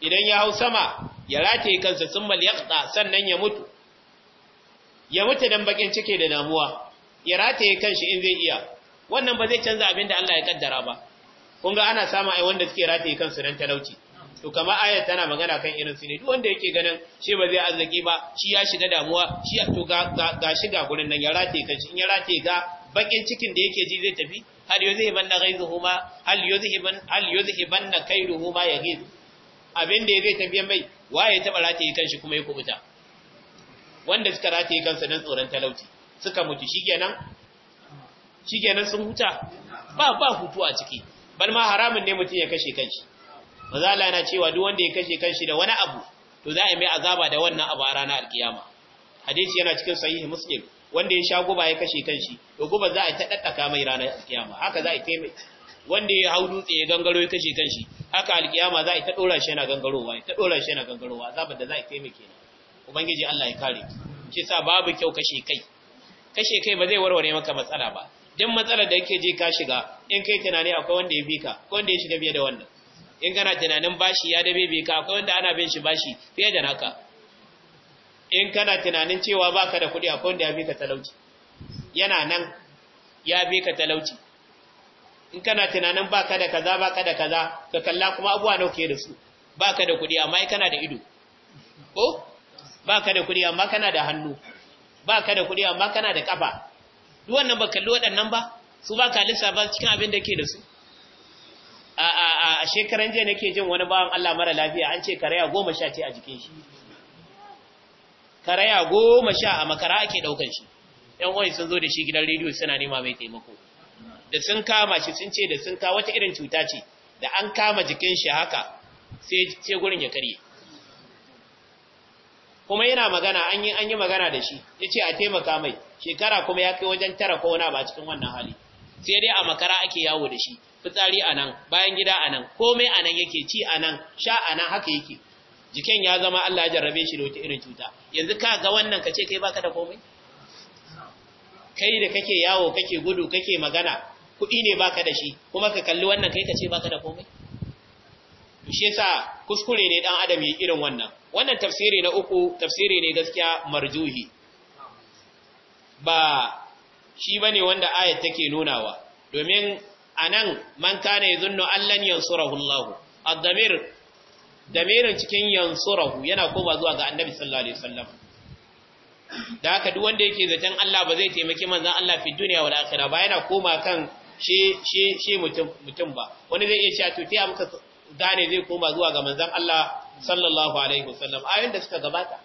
idan ya hau sama ya rataye kansa sun malyaqta sannan ya mutu ya mutu dan bakin cike da damuwa ya rataye kanshi in zai iya wannan ba zai canza abin da Allah ya kaddara ba kun ga ana samu ai wanda suke rataye kansu dan talauci to kamar ayat tana magana kan irin su ne duk wanda yake ganin shi ba zai arziki ba shi ya shiga damuwa shi ya to ga ga shiga gurin nan ya rataye kanshi in ya rataye ga bakin cikin da yake ji zai tafi hal yuzhiban na ghayzuhuma hal yuzhiban hal yuzhiban na ya yaghiz abin da zai tafi mai waye ta barata yi kanshi kuma ya kubuta wanda suka rataye kansa nan tsoron talauci suka mutu shikenan shikenan sun huta ba ba hutu a ciki bal ma haramun ne mutum ya kashe kanshi maza Allah yana cewa duk wanda ya kashe kanshi da wani abu to za a yi mai azaba da wannan abu a ranar alkiyama hadisi yana cikin sahihi muslim wanda ya sha guba ya kashe kanshi to guba za a ta daddaka mai ranar alkiyama haka za a mai wanda ya hau dutse ya gangaro ya kashe kanshi haka alkiyama za a ta dora shi yana gangarowa ya ta dora shi yana gangarowa azabar da za a mai kenan ubangiji Allah ya kare shi sa babu kyau kashe kai kashe kai ba zai warware maka matsala ba dan matsalar da yake ji ka shiga in kai tunani akwai wanda ya bi ka ko wanda ya shiga biye da wannan in kana tunanin bashi ya dabe bi ka akwai wanda ana bin shi bashi fiye da naka in kana tunanin cewa baka da kuɗi akwai wanda ya bi ka talauci yana nan ya bi ka talauci in kana tunanin baka da kaza baka da kaza ka kalla kuma abuwa nawa ke da su baka da kuɗi amma kana da ido ko baka da kuɗi amma kana da hannu baka da kuɗi amma kana da kafa duk wannan ba kalli waɗannan ba su baka lissafa cikin abin da ke da su a shekaran jiya nake jin wani bawan Allah mara lafiya an ce karaya goma sha ce a jikin shi karaya goma sha a makara ake ɗaukan shi ‘yan wani sun zo da shi gidan rediyo suna nema mai taimako da sun kama shi sun ce da sun ka wata irin cuta ce da an kama jikin shi haka sai gurin ya karye kuma yana magana an yi magana da shi ya ce a taimaka mai shekara kuma ya kai wajen tara ko ba cikin wannan hali sai dai a makara ake yawo da shi fitsari a nan bayan gida a nan komai a nan yake ci a nan sha a nan haka yake jikin ya zama Allah ya jarrabe shi da wata irin cuta yanzu ka ga wannan ka kai baka da komai kai da kake yawo kake gudu kake magana kuɗi ne baka da shi kuma ka kalli wannan kai ka baka da komai to shi yasa kuskure ne dan adam yi irin wannan wannan tafsiri na uku tafsiri ne gaskiya marjuhi ba shi bane wanda ayat take nunawa domin anan man kana yadhunnu allan yansurahu Allah ad-damir damirin cikin yansurahu yana koma zuwa ga annabi sallallahu alaihi wasallam da haka duk wanda yake zaton Allah ba zai taimaki manzon Allah fi duniya wal akhirah ba yana koma kan shi shi shi mutum mutum ba wani zai iya cewa to taya muka gane zai koma zuwa ga manzon Allah sallallahu alaihi wasallam ayoyin da suka gabata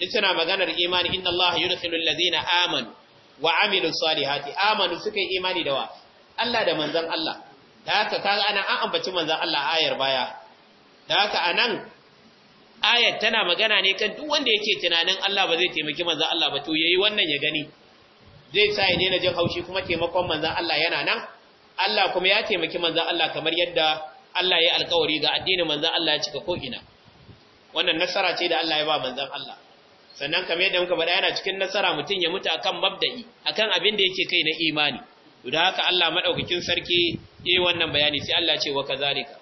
duk suna maganar imani inna Allah yudkhilu allazina amanu wa amilu salihati amanu suka yi imani da wa Allah da manzon Allah da haka kaga ana an ambaci manzon Allah ayar baya da haka a nan, ayat tana magana ne kan duk wanda yake tunanin Allah ba zai taimaki manzon Allah ba to yayi wannan ya gani zai sa ya daina jin haushi kuma taimakon manzon Allah yana nan Allah kuma ya taimaki manzon Allah kamar yadda Allah ya alkawari ga addinin manzon Allah ya cika ko ina wannan nasara ce da Allah ya ba manzon Allah sannan kamar yadda muka faɗa yana cikin nasara mutum ya mutu akan mabda'i akan abin da yake kai na imani to da haka Allah madaukakin sarki yayi wannan bayani sai Allah ya ce wa kazalika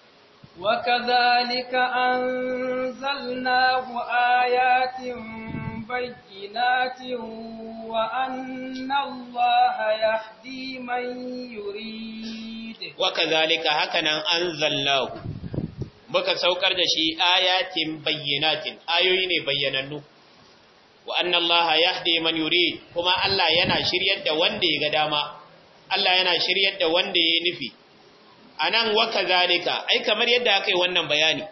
وكذلك أنزلناه آيات بينات وأن الله يهدي من يريد وكذلك هكذا أنزلناه muka saukar da shi ayatin bayyanatin ayoyi ne bayyanannu wa annallaha yahdi man yurid kuma Allah yana shiryar wanda ya ga dama Allah yana shiryar da wanda ya nufi anan wa kazalika ai kamar yadda aka wannan bayani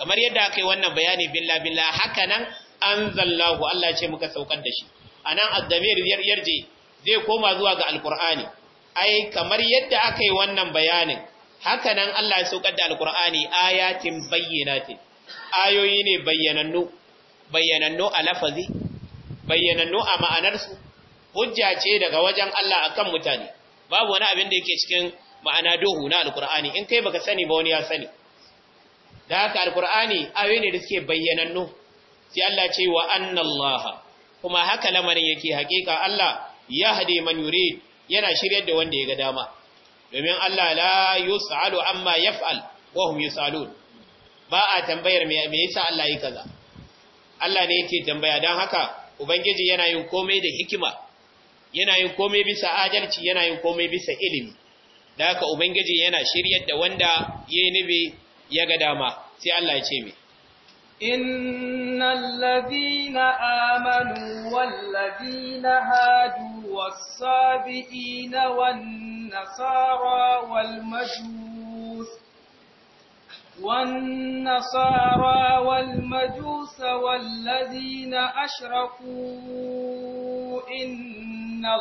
kamar yadda aka yi wannan bayani billahi billahi haka nan anzallahu Allah ce muka saukar da shi anan addamir yarje zai koma zuwa ga alqur'ani ai kamar yadda aka wannan bayanin haka nan Allah ya saukar da alqur'ani ayatin bayyinatin ayoyi ne bayyanannu bayyanannu a lafazi bayyanannu a ma'anarsu hujja ce daga wajen Allah akan mutane babu wani abin da yake cikin ma'ana duhu na alkur'ani in kai baka sani ba wani ya sani da haka alkur'ani ayoyi ne da suke bayyanannu sai Allah ce wa annallaha kuma haka lamarin yake hakika Allah ya hade man yurid yana shiryar da wanda ya ga dama domin Allah la yus'alu amma yaf'al wa hum yus'alun ba a tambayar me me yasa Allah yi kaza Allah ne yake tambaya dan haka ubangiji yana yin komai da hikima yana yin komai bisa adalci yana yin komai bisa ilimi da haka ubangiji yana shiryar da wanda ya nubi ya ga dama sai Allah ya ce mai innal ladina amanu wal na hadu was-sabiina wan-nasara wal-majus wan-nasara wal-majus wal-ladina ashraku inna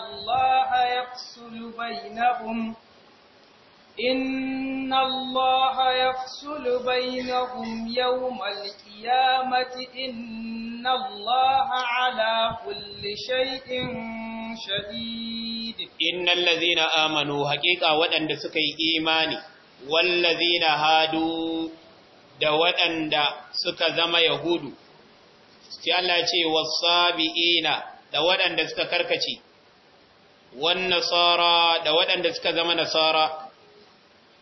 Inna Allah ya sulu bai na umyau malkiya mati inna Allah ala kulle shaikin shadidi. Inna lazina amanu haƙiƙa waɗanda suka yi imani, wallazina hadu da waɗanda suka zama Yahudu, shi Allah ce wasa bi'ina da waɗanda suka karkace, wannan tsara da waɗanda suka zama nasara.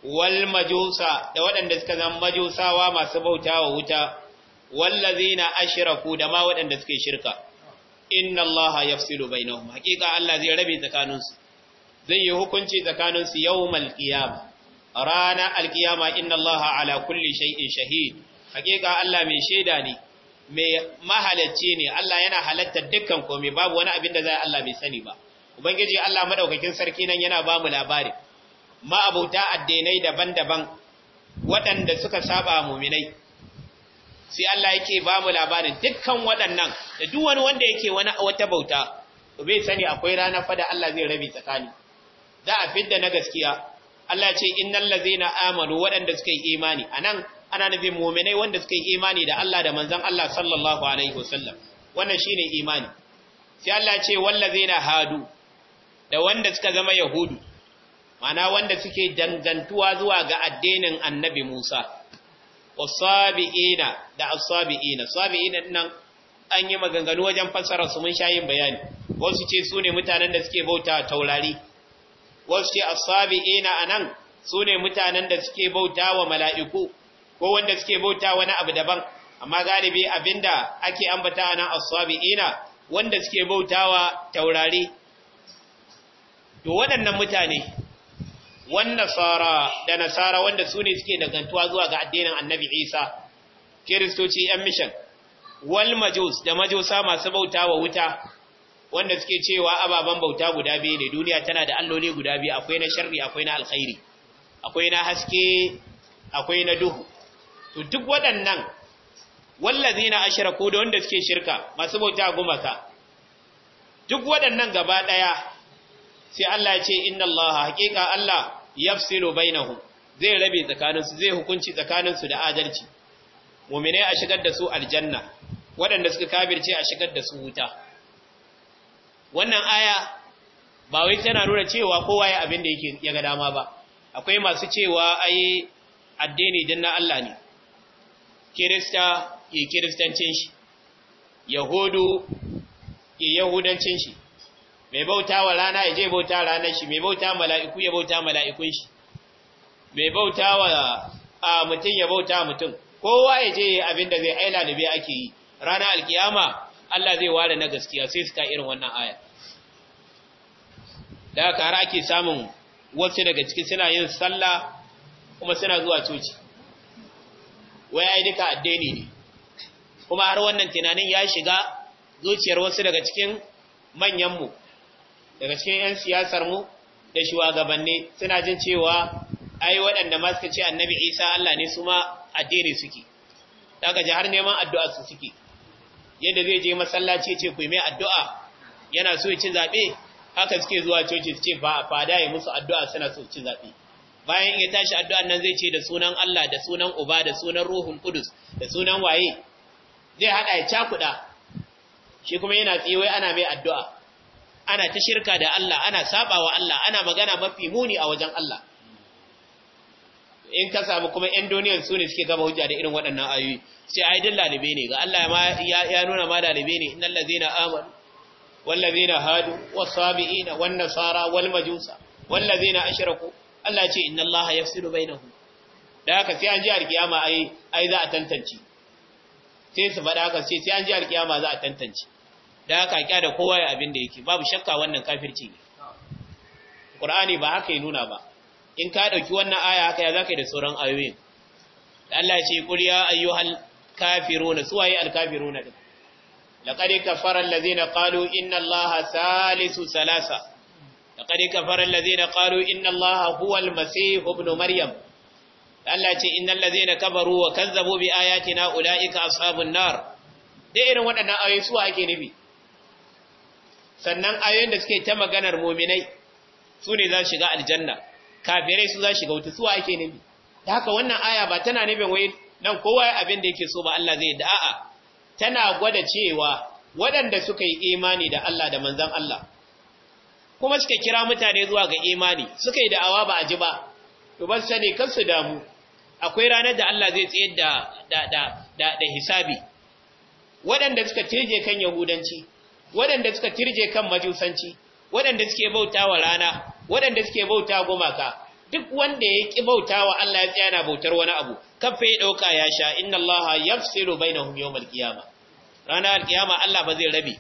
wal majusa da waɗanda suka zama majusawa masu bautawa wuta wallazina ashraku da ma waɗanda suke shirka inna allaha yafsilu bainahum haƙiƙa Allah zai rabe tsakaninsu zai yi hukunci tsakaninsu yawmal qiyama rana alqiyama inna allaha ala kulli shay'in shahid haƙiƙa Allah mai shaida ne mai mahalacci ne Allah yana halatta dukkan komai babu wani abin da zai Allah bai sani ba ubangiji Allah madaukakin sarki nan yana ba mu labari ma'abuta addinai daban-daban waɗanda suka saba muminai sai Allah yake ba mu labarin dukkan waɗannan da duk wani wanda yake wani wata bauta to bai sani akwai rana fa da Allah zai rabi tsakani za a fidda na gaskiya Allah ce innal ladzina amanu waɗanda suka yi imani anan ana nufin muminai wanda suka yi imani da Allah da manzon Allah sallallahu alaihi wasallam wannan shine imani sai Allah ce na hadu da wanda suka zama yahudu mana wanda suke dangantuwa zuwa ga addinin annabi Musa, wasabi'ina da asabi'ina, sabi'ina nan an yi maganganu wajen fassara su mun shayin bayani, wasu ce su ne mutanen da suke bauta taurari, wasu ce asabi'ina a nan su ne mutanen da suke bauta wa mala'iku, ko wanda suke bauta wani abu daban, amma galibi abinda ake ambata a nan asabi'ina wanda suke bauta wa taurari. To waɗannan mutane wan nasara da nasara wanda su ne suke dangantuwa zuwa ga addinin annabi isa kiristoci yan mishan wal majus da majusa masu bauta wa wuta wanda suke cewa ababen bauta guda biyu ne duniya tana da alloli guda biyu akwai na sharri akwai na alkhairi akwai na haske akwai na duhu to duk waɗannan wallazina ashraku da wanda suke shirka masu bauta gumaka duk waɗannan gaba ɗaya sai Allah ya ce inna Allah haƙiƙa Allah yafsilu bainahum zai rabe tsakaninsu zai hukunci tsakaninsu da adalci mu'minai a shigar da su aljanna waɗanda suka kafirce a shigar da su wuta wannan aya ba wai tana nuna cewa kowa ya abin da yake ya ga dama ba akwai masu cewa ai addini din na Allah ne kirista ke kiristancin shi yahudu ke yahudancin shi mai bauta wa rana ya je bauta ranar shi mai bauta mala'iku ya bauta mala'ikun shi mai bauta wa a mutum ya bauta mutum kowa ya je abin da zai aila da bai ake yi rana alkiyama Allah zai ware na gaskiya sai su ka irin wannan aya da haka har ake samun wasu daga ciki suna yin sallah kuma suna zuwa coci wai ai duka addini ne kuma har wannan tunanin ya shiga zuciyar wasu daga cikin manyanmu daga cikin 'yan siyasar mu da shugabanni suna jin cewa ai waɗanda ma suka ce annabi isa Allah ne su ma addini suke daga jihar neman addu'a su suke yadda zai je masallaci ce ku mai addu'a yana so ci zabe haka suke zuwa coci su ce ba fada ya musu addu'a suna so ci zaɓe bayan ya tashi addu'an nan zai ce da sunan Allah da sunan uba da sunan ruhun kudus da sunan waye zai haɗa ya cakuɗa shi kuma yana tsiwai ana mai addu'a ana ta shirka da Allah ana sabawa Allah ana magana mafi muni a wajen Allah in ka samu kuma yan duniyan su ne suke gaba hujja da irin waɗannan ayoyi sai ai din lalibe ne ga Allah ya nuna ma lalibe ne innal ladzina amanu wal ladzina hadu was-sabiina wan nasara wal majusa wal ladzina ashraku Allah ce inna Allah yafsilu bainahum da haka sai an ji alkiyama ai ai za a tantance sai su faɗa haka sai an ji alkiyama za a tantance da aka kya da kowa ya abin da yake babu shakka wannan kafirci ne Qur'ani ba haka ya nuna ba in ka dauki wannan aya haka ya zaka da sauran ayoyin Allah ya ce qul ya ayyuhal kafiruna suwaye al kafiruna din laqad kafara allazina qalu inna allaha salisu salasa laqad kafara allazina qalu inna allaha huwal masih ibn maryam Allah ce innal ladzina kafaru wa kazzabu bi ayatina ulaika ashabun nar da irin waɗannan ayoyi suwa ake nufi sannan ayoyin da suke ta maganar muminai su ne za su shiga aljanna kafirai su za su shiga wuta su ake nabi da haka wannan aya ba tana nufin wai nan kowa abin da yake so ba Allah zai da'a tana gwada cewa waɗanda suka yi imani da Allah da manzon Allah kuma suka kira mutane zuwa ga imani suka yi da'awa ba a ji ba to ban sani kansu su damu akwai ranar da Allah zai tsayar da da da hisabi waɗanda suka teje kan yahudanci waɗanda suka tirje kan majusanci waɗanda suke bauta wa rana waɗanda suke bauta gumaka duk wanda ya ki bauta wa Allah ya tsaya bautar wani abu kafa ya ɗauka ya sha inna Allah yafsilu bainahum yawmal qiyamah ranar alkiyama Allah ba zai rabe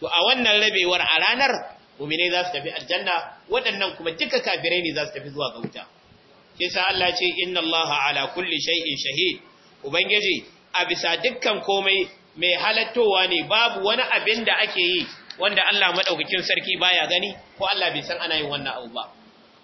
to a wannan rabewar a ranar mu'minai za su tafi aljanna waɗannan kuma duka kafirai ne za su tafi zuwa ga wuta kisa Allah ce inna Allah ala kulli shay'in shahid ubangiji a bisa dukkan komai mai halattowa ne babu wani abin da ake yi wanda Allah madaukakin sarki baya gani ko Allah bai san ana yin wannan abu ba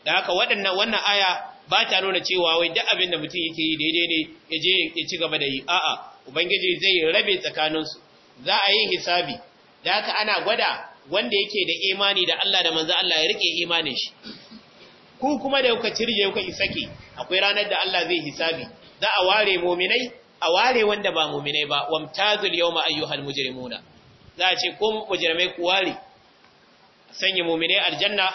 da haka waɗannan wannan aya ba ta nuna cewa wai duk abin da mutum yake yi daidai ne ya je ya ci gaba da yi a'a ubangiji zai rabe tsakaninsu. za a yi hisabi da haka ana gwada wanda yake da imani da Allah da manzo Allah ya rike imanin shi ku kuma da kuka cirje kuka isake akwai ranar da Allah zai hisabi za a ware mu'minai a ware wanda ba muminai ba wamtazul yawma ayyuhal mujrimuna za a ce ko mujrimai ku ware sanya muminai aljanna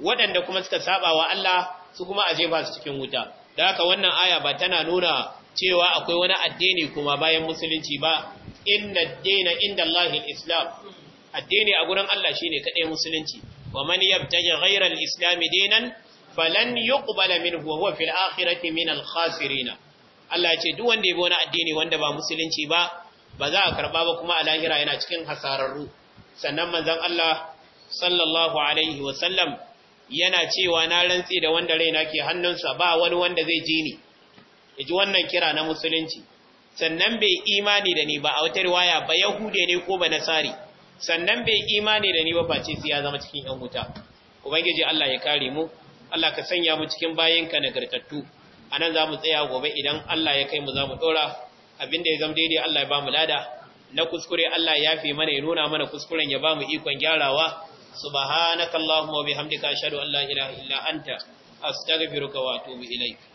waɗanda kuma suka saba wa Allah su kuma aje jefa su cikin wuta da haka wannan aya ba tana nuna cewa akwai wani addini kuma bayan musulunci ba inna ad-dina inda Allahi islam addini a gurin Allah shine kadai musulunci wa man yabtaji ghayra al-islam dinan falan yuqbala minhu wa huwa fil akhirati min al-khasirin Allah ya ce duk wanda ya bi wani addini wanda ba musulunci ba ba za a karba ba kuma a lahira yana cikin hasararru sannan manzon Allah sallallahu alaihi wa sallam yana cewa na rantsi da wanda raina ke hannunsa ba wani wanda zai ji ni yaji wannan kira na musulunci sannan bai imani da ni ba a wata riwaya ba yahude ne ko ba nasari sannan bai imani da ni ba face sai ya zama cikin yan wuta ubangiji Allah ya kare mu Allah ka sanya mu cikin bayinka nagartattu a nan za mu tsaya gobe idan Allah ya kai mu za mu ɗora da ya zama daidai Allah ya ba mu lada na kuskure Allah ya fi mana ya nuna mana kuskuren ya ba mu ikon gyarawa subhanakallahumma wa bihamdika ashhadu an la ilaha illa anta astaghfiruka wa atubu ilaik